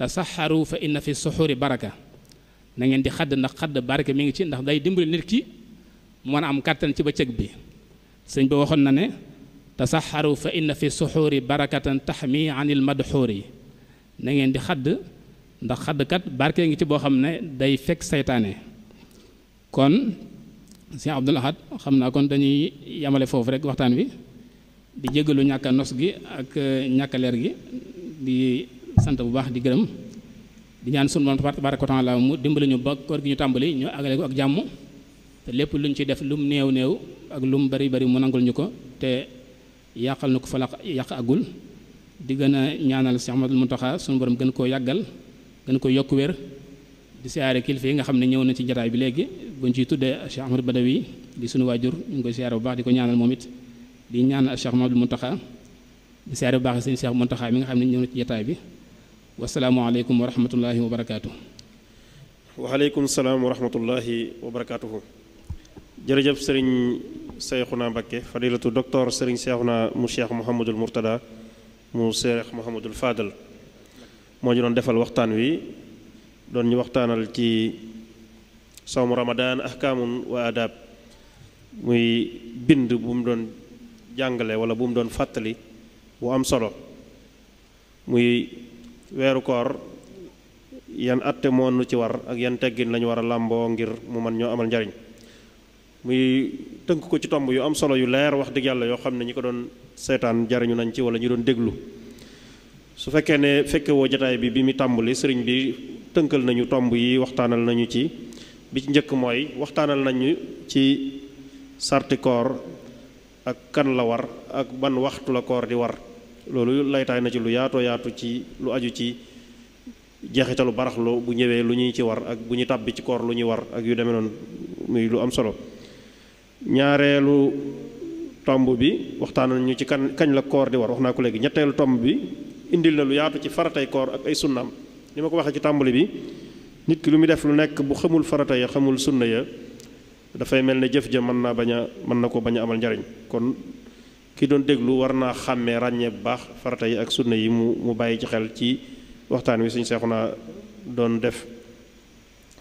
tasaxaru fa inna fi suxuri baraka na ngeen di xadd ndax xadd baraka mi ngi ci ndax day dimbali nit ki mu a am kàttan ci bëccëg bi sëñ bi waxoon na ne tasaxaru fa inna fi suxuri barakatan taxmi anil madxuuri na ngeen di xadd ndax xaddkat barke ngi ci boo xam ne day fekk seytaane kon sëñ Abdul Ahad xam naa kon dañuy yamale foofu rek waxtaan wi di jégalu ñàkk a nos gi ak euh, ñàkk leer gi di sant bu baax di gërëm di ñaan sunu borom tabaaraka wa taala mu dimbali ñu ba koor gi ñu tàmbali ñu agale ko ak jàmm te lépp lu ñu ci def lu mu néew néew ak lu mu bari bari mu nangul ñu ko te yàqal na ko fa yàq agul di gën a ñaanal Cheikh mu Mountakha sunu borom gën koo yàggal gën ko yokku wér di siyaare kilifa yi nga xam ne ñëw na ci jataay bi léegi bu ñu ciy tuddee Cheikh Ahmadou Badawi di sunu waajur ñu ngi koy siyaare bu baax di ko ñaanal moom di ñaan Cheikh Mamadou Mountakha di baax sëñ Cheikh Mountakha mi nga xam ne ñëw ci jotaay bi wasalaamualeykum wa rahmatullahi wa barakaatu. waaleykum salaam wa rahmatullahi wa barakaatuhu. jërëjëf sëriñ Cheikhouna mu Cheikh Mouhamadul Mourtada moo ñu doon defal waxtaan wi doon ñu waxtaanal ci sawmu Ramadan ahkaamun wa adab muy bind bu mu doon. jàngale wala bu mu doon fàttali bu am solo muy weeru koor yan atte moo nu ci war ak yan teggin lañu war a làmboo ngir mu mën ñoo amal njariñ muy tënk ko ci tomb yu am solo yu leer wax dëgg yàlla yoo xam ne ñi ko doon seetaan jariñu nañ ci wala ñu doon déglu su fekkee ne fekkewoo jataay bi bi muy tàmbali sëriñ bi tënkal nañu tomb yi waxtaanal nañu ci bi ci njëkk mooy waxtaanal nañu ci sarti koor ak kan la war ak ban waxtu la koor di war loolu laytaay na ci lu yaatoo yaatu ci lu aju ci jeexitalu baraxlu bu ñëwee lu ñuy ci war ak bu ñu tàbbi ci koor lu ñuy war ak yu demee noonu muy lu am solo ñaareelu tomb bi waxtaan ñu ci kan kañ la koor di war wax naa ko léegi ñetteelu tomb bi indil la lu yaatu ci faratay koor ak ay sunnaam li ma ko waxee ci tàmbali bi nit ki lu muy def lu nekk bu xamul farata ya xamul sunna ya dafay mel ne jëf ja mën naa bañ a mën na ko bañ a amal njariñ kon ki doon déglu war naa xàmmee ràññee bu baax farata yi ak sunna yi mu mu bàyyi ci xel ci waxtaan wi suñ seexu naa doon def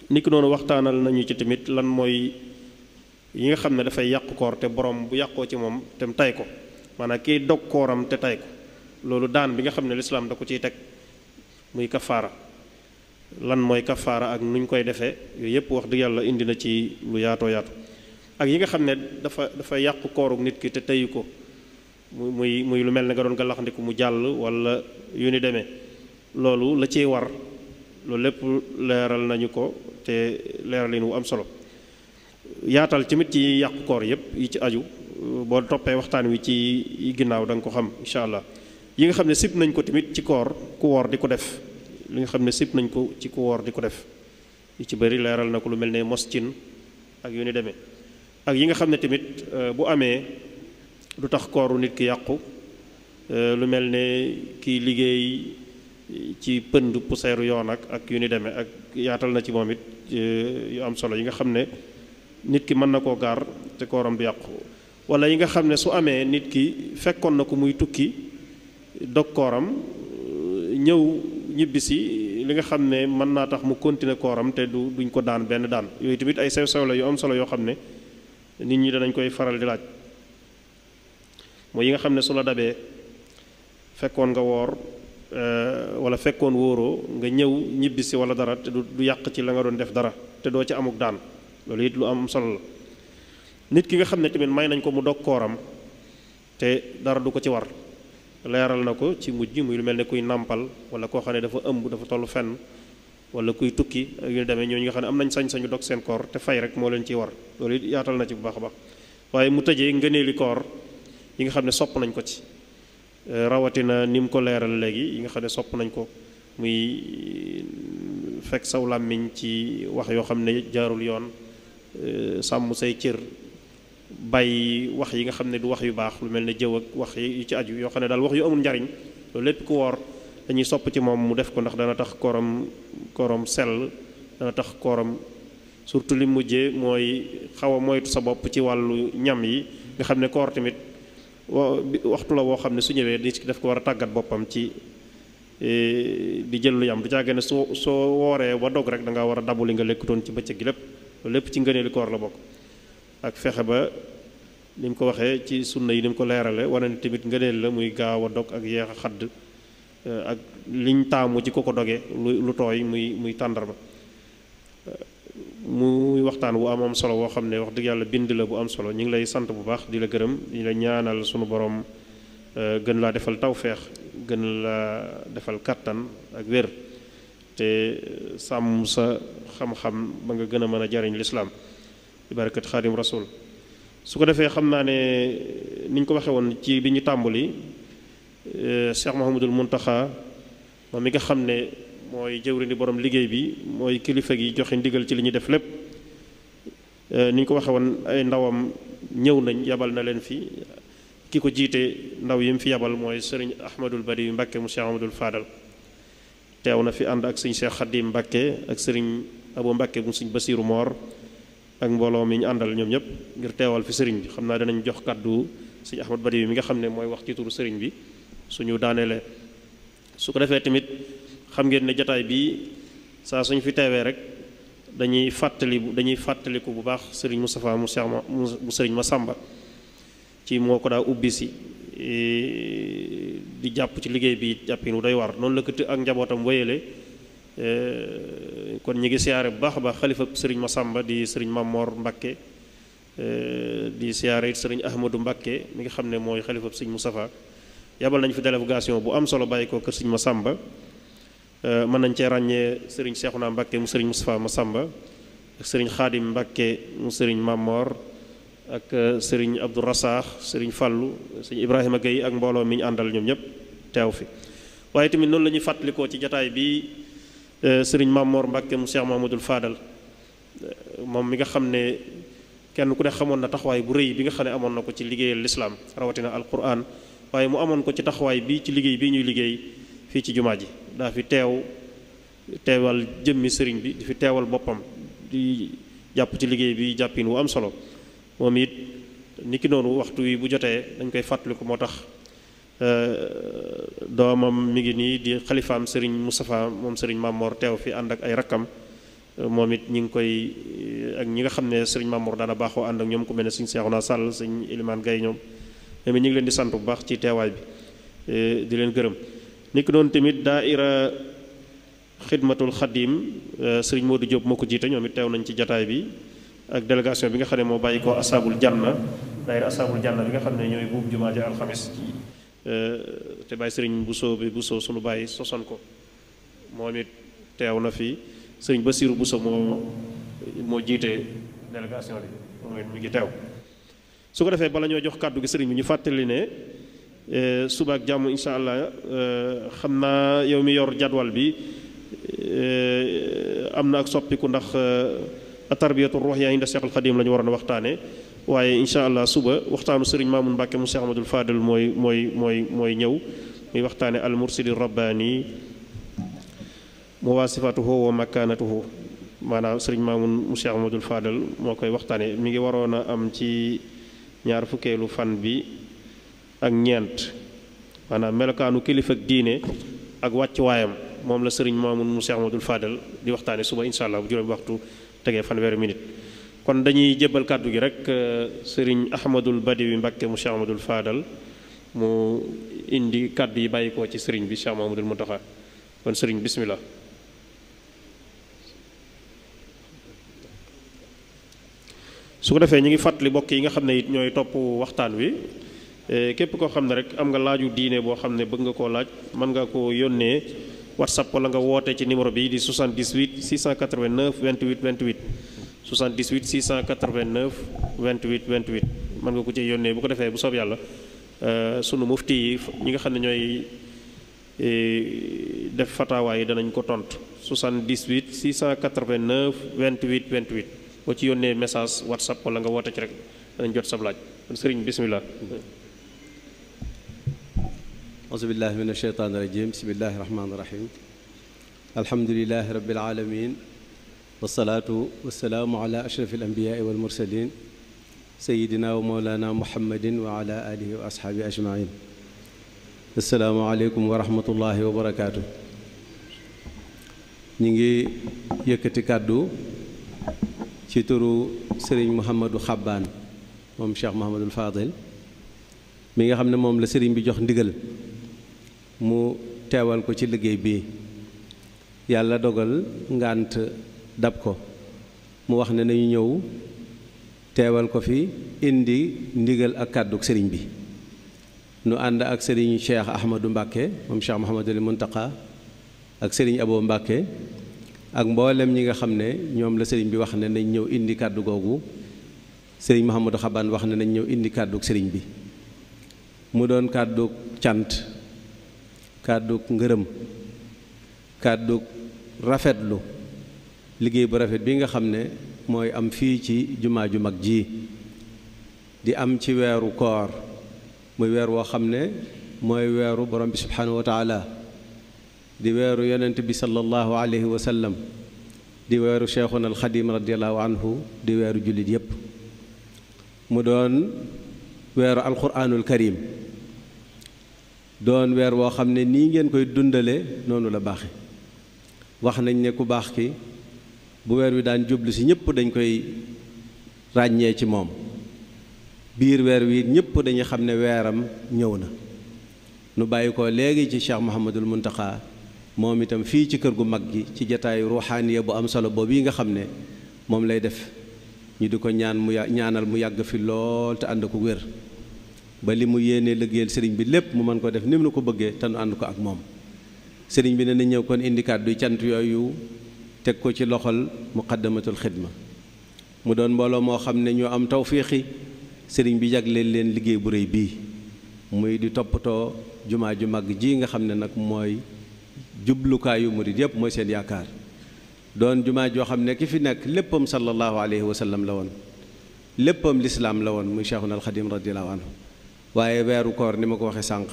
ni ki noonu waxtaanal nañu ci tamit lan mooy yi nga xam ne dafay yàq koor te borom bu yàqoo ci moom te mu tay ko maanaam kiy dog kooram te tay ko loolu daan bi nga xam ne lislaam da ko ciy teg muy kafaara lan mooy kafaara ak nu ñu koy defee yooyu yëpp wax dëgg yàlla indi na ci lu yaatoo yaatu ak yi nga xam ne dafa dafa yàqu kooruk nit ki te teyu ko mu muy muy lu mel ne nga doon galaxandiku mu jàll walla yu ni demee loolu la ciy war loolu lépp leeral nañu ko te leeral leen wu am solo yaatal tamit ci yàq koor yëpp yi ci aju boo toppee waxtaan wi ci ginnaaw danga ko xam incha allah yi nga xam ne sib nañ ko tamit ci koor ku woor di ko def li ñu xam ne sib nañ ko ci ku woor di ko def yu ci bëri leeral na ko lu mel ne moscin ak yu ni demee ak yi nga xam ne tamit euh, bu amee lu tax kooru nit ki yàqu euh, lu mel ne kiy liggéey ci pënd puseeru yoon ak ak yu ni demee ak yaatal na ci moom it euh, yu am solo yi nga xam ne nit ki mën na koo gaar te kooram du yàqu wala yi nga xam ne su amee nit ki fekkoon na ko muy tukki dog kooram ñëw ñibbisi li nga xam ne mën naa tax mu continuer kooram te du duñ ko daan benn daan yooyu tamit ay sew-sew la yu am solo yoo xam ne nit ñi dañ koy faral di laaj mooy yi nga xam ne su la dabee fekkoon nga woor euh, wala fekkoon wóoroo nga ñëw ñibbisi wala dara te du yàq ci la nga doon def dara te doo ci amuk daan loolu it lu am solo la nit ki nga xam ne tamit may nañ ko mu dog kooram te dara du ko ci war leeral na ko ci mujj muy lu mel ne kuy nàmpal wala koo xam ne dafa ëmb dafa toll fenn wala kuy tukki ak yu demee ñooñu nga xam ne am nañ sañ-sañu dog seen koor te fay rek moo leen ciy war loolu yaatal na ci bu baax a baax waaye mu tëjee ngëneeli koor yi nga xam ne sopp nañ ko ci euh, rawatina ni ko leeral léegi yi nga xam ne sopp nañ ko muy euh, fekk saw làmmiñ ci wax yoo xam ne jaarul yoon euh, sàmm say cër bàyyi wax yi nga xam ne du wax yu baax lu mel ne jëw ak wax yu ci aju yoo xam ne daal wax yu amul njariñ loolu lépp ku woor dañuy sopp ci moom mu def ko ndax dana tax kooram kooram sell dana tax kooram surtout li mujjee mooy xaw a moytu sa bopp ci wàllu ñam yi nga xam ne koor tamit waxtu la woo xam ne su ñëwee nit ki daf ko war a tàggat boppam ci e, di jël lu yam du caagee ne soo soo wooree ba dog rek da nga war a dabu li nga lekkutoon ci bëccëg gi lépp ci ngëneelu koor la bokk ak fexe ba ni mu ko waxee ci sunna yi ni mu ko leerale wane ni tamit ngëneel la muy gaaw a dog ak yeex a xadd eh, ak liñ taamu ci ko ko doge lu tooy muy muy tàndarma eh, muy waxtaan wu am am solo woo xam ne wax dëgg yàlla bind la bu am solo ñu ngi lay sant bu baax di la gërëm ñi la ñaanal sunu borom eh, gën laa defal tawfeex gën laa defal kàttan ak wér te sàmm sa xam-xam ba nga gën a mën a jariñ lislaam bi barakat xaadim rasul su ko defee xam naa ne eh, ni ñu ko waxee woon ci bi ñu tàmbali eh, Cheikh Mouhamadul Mountakha moom mi nga xam ne mooy jëwriñ di borom liggéey bi mooy kilifa gi joxe ndigal ci li ñuy def lépp eh, ni ñu ko waxee woon ay ndawam ñëw nañ yabal na leen fi ki ko jiite ndaw yi mu fi yabal mooy sëriñ Ahmadul Badi Mbacke mu Cheikh Ahmadul Fadal teew na fi ànd ak sëñ Cheikh Khadim Mbacke ak sëriñ Abou Mbacke mu sëñ basiiru Moor ak mbooloo mi ñu àndal ñoom ñëpp ngir teewal fi sëriñ bi xam naa danañ jox kàddu sëriñ Ahmad Badi mi nga xam ne mooy wax ci turu sëriñ bi suñu daaneele su ko defee tamit xam ngeen ne jataay bi saa suñu fi teewee rek dañuy fàttali dañuy fàttaliku bu baax sëriñ Moustapha mu Cheikh mu sëriñ Massamba ci moo ko daa ubbi si e, di jàpp ci liggéey bi jàppin wu doy war noonu la këtt ak njabootam wéyale Euh, kon ñu ngi siyaare bu baax a baax xalifa sëriñ Masamba di sëriñ Mamor Mbakke euh, di siyaare it sëriñ Ahmadou Mbakke mi ngi xam ne mooy xalifa sëriñ Moustapha yabal nañ fi délégation bu am solo bàyyi ko kër sëriñ Masamba euh, mën nañ cee ràññee sëriñ Seexuna Mbakke mu sëriñ Moustapha Masamba ak sëriñ Xaadim Mbakke mu sëriñ Mamor ak sëriñ Abdou Rassaax sëriñ Fallu sëriñ Ibrahima Gueye ak mbooloo mi àndal ñoom ñëpp teew fi waaye tamit noonu la ñuy Euh, sëriñ Mamor Mbacke mu Cheikh dul faadal euh, moom mi nga xam ne kenn ku ne xamoon na taxawaay bu rëy bi nga xam ne amoon na ko ci liggéeyal lislaam rawatina alquran waaye mu amoon ko ci taxawaay bi ci liggéey bi ñuy liggéey fii ci jumaa ji daa fi teew teewal jëmmi sëriñ bi di fi teewal boppam di jàpp ci liggéey bi jàppin wu am solo moom it ki noonu waxtu wi bu jotee dañ koy fàttaliku moo tax Euh, doomam mi ngi nii di xalifaam sëriñ Moustapha moom sëriñ Mamor teew fi ànd ak ay rakkam euh, moom it ñi ngi koy euh, ak ñi nga xam ne sëriñ Mamor daana baaxoo ànd ak ñoom ku mel ne sëriñ Seexuna Sàll sañ Ilimaan Gay ñoom ñoom it ñu ngi leen di sant bu baax ci teewaay bi di leen gërëm ni ki doon tamit daaira xidmatul xadim sëriñ moo Diop moo ko jiite ñoom it teew nañ ci jataay bi ak délégation bi nga xam ne moo bàyyi ko asaabul janna daayira asaabul janna bi nga xam ne ñooy buub jumaa ja alxamis Euh, te bàyyi sëriñ Bousso bi Bousso sunu bàyyi sosoon ko moom it teew na fi sëriñ Bassirou Bousso moo moo jiite délégation bi moom it teew su ko defee bala ñoo jox kàddu gi sëriñ bi ñu fàttali ne euh, suba ak jàmm insha allah euh, xam naa yow mi yor jadwal bi am na ak soppiku ndax tarbiyatu ruuxiya inda Cheikhul Xadim la ñu waroon a waxtaane waaye incha allah suba waxtaanu sëriñ Maamun Mbàkke mu Cheikh Ahmadul Fadal mooy mooy mooy mooy ñëw muy waxtaane al mursidi rabbaani muwaasifatuhu wa makaanatuhu maanaam sëriñ Maamun mu Cheikh Ahmadul Fadal moo koy waxtaane mi ngi waroon a am ci ñaar fukkeelu fan bi ak ñeent maanaam melokaanu kilifa ak diine ak wàccuwaayam moom la sëriñ Maamun mu Cheikh dul Fadal di waxtaane suba incha allah bu juróomi waxtu tegee fanweeri minute kon dañuy jébbal kàddu gi rek euh, sëriñ ahmadul badiwi mbakke mu cheikh ahmadul faadal mu indi kàddu yi bàyyi ko ci sëriñ bi cheikh mahamadul muntaxa kon sëriñ bismillah su ko defee ñu ngi fàttali mbokk yi nga xam ne it ñooy topp waxtaan wi euh, képp koo xam ne rek am nga laaju diine boo xam ne bëgg nga koo laaj mën nga ko yónnee whatsapp wala nga woote ci numéro bi di 78 689 28 28 78 689 28 28 mën nga ko ci yónnee bu ko defee bu soob yàlla euh, sunu mufti yi ñi nga xam ne ñooy e, def fatawaa yi danañ ko tontu 78 689 28 28 boo ci yónnee message whatsapp wala nga woote ci rek danañ jot sab laaj kon sëriñ bisimilah. asubillahi min asheytaan irajim bismillahi rahmaani irahim alhamdulilahi rabilalamin wasalaatu wasalaamu ala ashraf alambiyaai walmursalin sayidina wa moolana muhammadin wa ala alihi wa ashaabi ajmain asalaamualeykum wa rahmatullahi wa barakaatu ñu ngi yëkkati kàddu ci turu sëriñ Mouhamadou Xabbaan moom Cheikh Mouhamadul Fadil mi nga xam ne moom la sëriñ bi jox ndigal mu teewal ko ci liggéey bi yàlla dogal ngànt dab ko mu wax ne nañu ñëw teewal ko fi indi ndigal ak kàddu sëriñ bi nu ànd ak sëriñ Cheikh Ahmadou Mbàkke moom Cheikh Mouhamadul Muntaqa ak sëriñ Abo Mbàkke ak mboolem ñi nga xam ne ñoom la sëriñ bi wax ne nañ ñëw indi kàddu googu sëriñ Mouhamadou Xaban wax ne nañ ñëw indi kàddug sëriñ bi mu doon kàddug cant kàddug ngërëm kàddug rafetlu liggéey bu rafet bi nga xam ne mooy am fii ci jumaa ju mag ji di am ci weeru koor muy weer woo xam ne mooy weeru borom bi subhaanahu wa di weeru yonent bi sallallahu alayhi wa sallam di weeru cheikhuna alxadim radiallahu anhu di weeru jullit yépp mu doon weeru alquraanul karim doon weer woo xam ne nii ngeen koy dundale noonu la baaxe wax nañ ne ku baax ki bu weer wi daan jublu si ñëpp dañ koy ràññee ci moom biir weer wi ñëpp dañuy xam ne weeram ñëw na nu bàyyi ko léegi ci Cheikh Mouhamadul Muntaxa moom itam fii ci kër gu mag gi ci jataayu ruuxaaniya bu am solo boobu yi nga xam ne moom lay def ñu di ko ñaan mu ñaanal mu yàgg fi lool te ànd ko wér ba li mu yéenee liggéeyal sëriñ bi lépp mu mën ko def ni mu ko bëggee te nu ànd ko ak moom sëriñ bi ne na ñëw kon indi kàddu cant yooyu teg ko ci loxol muqaddamatul xidma mu doon mbooloo moo xam ne ñoo am tawfiixi sëriñ bi jagleel leen liggéey bu réy bii muy di toppatoo jumaa ju mag ji nga xam ne nag mooy jublukaayu murid yëpp mooy seen yaakaar doon jumaa joo xam ne ki fi nekk léppam sallallahu alayhi wa sallam la woon léppam lislaam la woon muy cheikhuna alxadim radiallahu anhu waaye weeru koor ni ma ko waxee sànq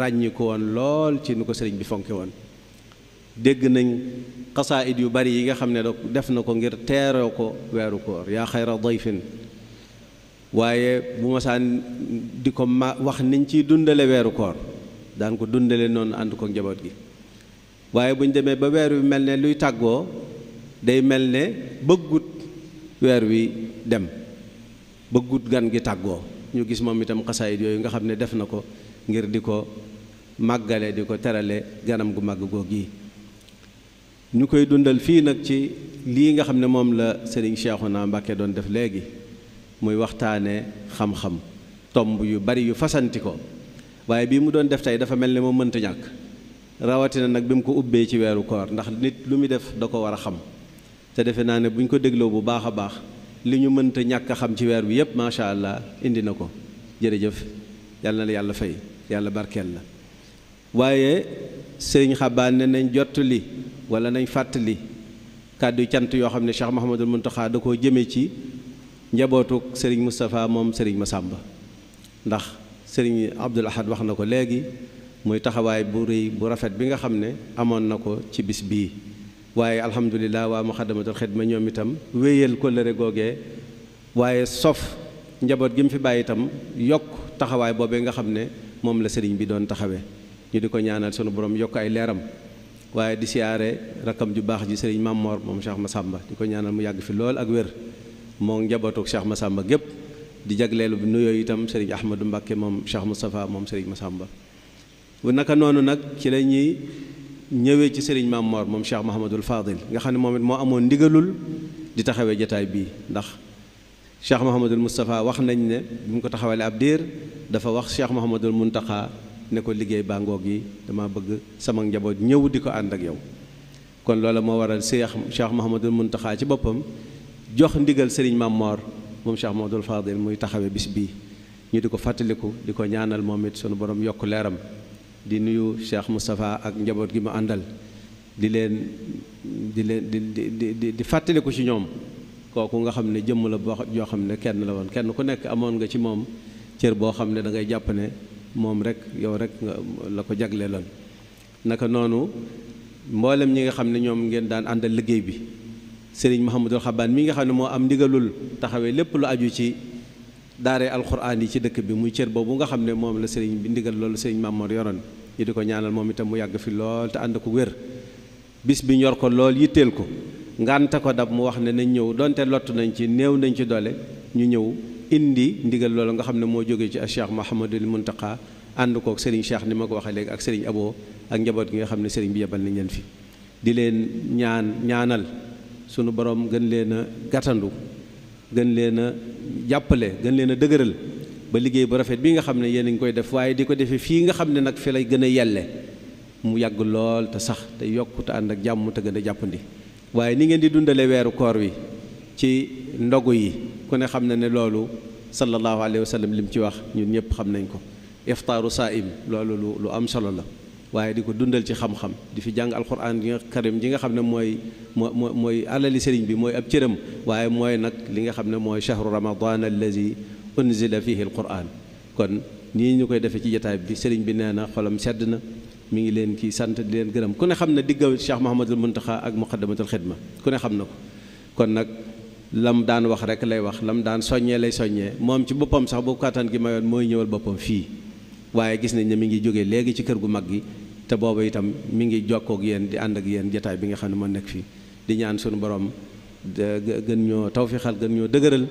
ràññi woon lool ci nu ko sëriñ bi fonke woon dégg nañ it yu bari yi nga xam ne def na ko ngir teere ko weeru koor yaa xayra dayfin waaye bu mosaan di ko ma wax niñ ciy dundale weeru koor daan ko dundale noonu ànd ko njaboot gi waaye bu ñu demee ba weer wi mel ne luy tàggoo day mel ne bëggut weer wi dem bëggut gan gi tàggoo ñu gis moom itam xasaayit yooyu nga xam ne def na ko ngir di ko màggale di ko terale ganam gu màgg goog yi ñu koy dundal fii nag ci lii nga xam ne moom la Serigne naa Mbacké doon def léegi muy waxtaane xam-xam tomb yu bari yu fasanti ko waaye bii mu doon def tey dafa mel ni moo mënta ñàkk rawatina nag bi mu ko ubbee ci weeru koor ndax nit lu muy def da ko war a xam te defe naa ne bu ñu ko dégloo bu baax a baax li ñu mënta ñàkk a xam ci weer bi yépp macha allah indi na ko jërëjëf yàlla na la yàlla fay yàlla barkeel la waaye sëriñ xabaan ne nañ li wala nañ fàttali kàddu cant yoo xam ne Cheikh Mouhamadul Mountakha da koo jëmee ci njabootuk sëriñ Moustapha moom sëriñ ma Massamba ndax sëriñ Abdoul Ahad wax na ko léegi muy taxawaay bu rëy bu rafet bi nga xam ne amoon na ko ci bis bii waaye alhamdulilah waa muxaddamatul xidma ñoom itam wéyal kóllëre googee waaye sof njaboot gi mu fi bàyyi itam yokk taxawaay boobee nga xam ne moom la sëriñ bi doon taxawee ñu di ko ñaanal sunu borom yokk ay leeram waaye di siyaare rakkam ju baax ji sëriñ Mamor moom ma Massamba di ko ñaanal mu yàgg fi lool ak wér moo njabootu ma Massamba gépp di jagleelu bi nuyoo itam sëriñ Ahmadou Mbacke moom Cheikh Moustapha moom sëriñ Massamba naka noonu nag ñëwee ci sëriñ Maam moom Cheikh Mahamadul Fadil nga xam ne moom it moo amoon ndigalul di taxawee jataay bii ndax Cheikh Mahamadul Moustapha wax nañ ne bi mu ko taxawalee ab diir dafa wax Cheikh Mahamadul Muntaxa ne ko liggéey bàngoog yi dama bëgg sama njaboot ñëw di ko ànd ak yow kon loola moo waral Cheikh Cheikh Mahamadul Muntaxa ci boppam jox ndigal sëriñ Maam Mor moom Cheikh Mahamadul Fadil muy taxawe bis bii ñu di ko fàttaliku di ko ñaanal moom it sunu borom yokk leeram di nuyu Cheikh Moustapha ak njaboot gi mu àndal di leen di leen di di di fàttaliku ci ñoom kooku nga xam ne jëmm la boo joo xam ne kenn la woon kenn ku nekk amoon nga ci moom cër boo xam ne da ngay jàpp ne moom rek yow rek la ko jagleeloon naka noonu mboolem ñi nga xam ne ñoom ngeen daan àndal liggéey bi sëriñ Mouhamadul Xabaan mi nga xam ne moo am ndigalul taxawee lépp lu aju ci. daaree alxuraan yi ci dëkk bi muy cër boobu nga xam ne moom la sëriñ bi ndigal loolu sëriñ Mamoor yoroon ñu di ko ñaanal moom itam mu yàgg fi lool te ànd ko wér bis bi ñor ko lool yitteel ko ngante ko dab mu wax ne nañ ñëw donte lott nañ ci néew nañ ci doole ñu ñëw indi ndigal loolu nga xam ne moo jógee ci a Cheikh Mahamadul Muntaqa ànd kook sëriñ Cheikh ni ma ko waxee léegi ak sëriñ aboo ak njaboot gi nga xam ne sëriñ bi yebal nañ leen fi di leen ñaan ñaanal sunu borom gën leen a gàttandu gën leen a jàppale gën leen a dëgëral ba liggéey ba rafet bii nga xam ne yéen a koy def waaye di ko defee fii nga xam ne nag fi lay gën a yelle mu yàgg lool te sax te yokk te ànd ak jàmm te gën a jàppandi waaye ni ngeen di dundale weeru koor wi ci ndogu yi ku ne xam na ne loolu sallallahu alayhi wa sallam li mu ci wax ñun ñëpp xam nañ ko iftaaru saa'im loolu lu am solo la waaye di ko dundal ci xam-xam di fi jàng alxuraan yi nga karim ji nga xam ne mooy moo moo mooy alali sëriñ bi mooy ab cëram waaye mooy nag li nga xam ne mooy chahru ramadan allazi unzila fihi alquran kon nii ñu koy defee ci jataay bi sëriñ bi nee na xolam sedd na mu ngi leen kii sant di leen gërëm ku ne xam ne diggaw Cheikh Mahamadul Muntaxa ak muqaddamatul xidma ku ne xam na ko kon nag lam daan wax rek lay wax lam daan soññee lay soññee moom ci boppam sax bu kattan gi mayoon mooy ñëwal boppam fii waaye gis nañ ne mi ngi jógee léegi ci kër gu mag gi te boobu itam mi ngi jokkook yéen di ànd ak yéen jataay bi nga xam ne moo nekk fii di ñaan suñu borom gën ñoo tawfixal gën ñoo dëgëral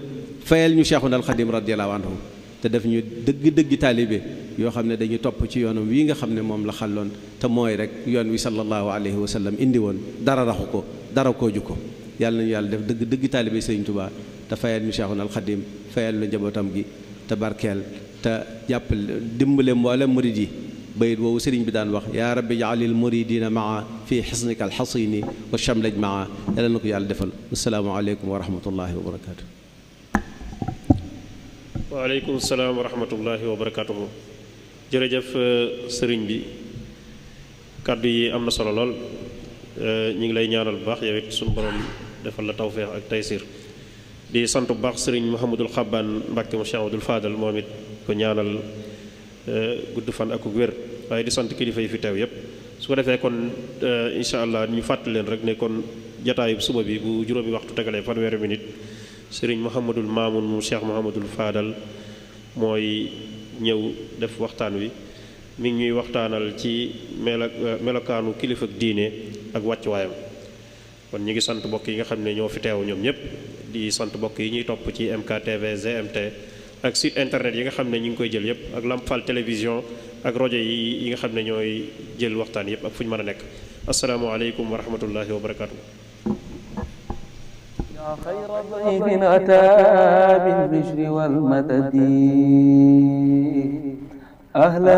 fayal ñu Cheikhuna al Xadim radiyallahu anhu te def ñu dëgg dëgg taalibe yoo xam ne dañuy topp ci yoonam wi nga xam ne moom la xàlloon te mooy rek yoon wi sallallahu alayhi wa sallam indi woon dara raxu ko dara kooju ko yàlla nañu yàlla def dëgg dëgg taalibe Sëriñ Tuubaa te fayal ñu Cheikhuna al Xadim fayal lu njabootam gi te barkeel te jàppale dimbale mboolem murid yi bayit woowu sëriñ bi daan wax yaa rabbi jaalil muridina ma fi xisnika alxasini wa chamlaj maa yàlla na ko yàlla defal asalaamaaleykum wa rahmatullahi wa barakaatu waaleykum salaam wa rahmatullahi euh, sëriñ bi kàddu yi am na solo lool euh, ñu ngi lay ñaanal bu baax yow it defal la tawféex ak taysir di sant bu baax sëriñ Mouhamadul Xabbaan Mbàkke mu Cheikh Abdul Fadal moom it ko ñaanal Eh, gudd fan ak wér waaye di sant kilifa yi fi teew yëpp su ko defee kon eh, incha allah ñu fàttali leen rek ne kon jataayu suba bi bu juróomi waxtu tegalee fanweeri nit sëriñ Mouhamadul Mamoun mu Cheikh Mouhamadul Fadal mooy ñëw def waxtaan wi mi ngi ñuy waxtaanal ci melo eh, melokaanu kilifa diine ak wàccuwaayam kon ñu ngi sant mbokk yi nga xam ne ñoo fi teew ñoom ñëpp di sant mbokk yi ñuy topp ci MKTV GMT. ak site internet yi nga xam ne ñu ngi koy jël yëpp ak Lamp Fall télévision ak rajo yi yi nga xam ne ñooy jël waxtaan yëpp ak fu ñu mën a nekk asalaamaaleykum wa rahmatullahi wa barakaatu. yaa xayra dayfin ataa bil bishri wal madadi أهلا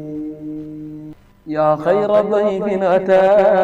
yaa xayra dayfin ataa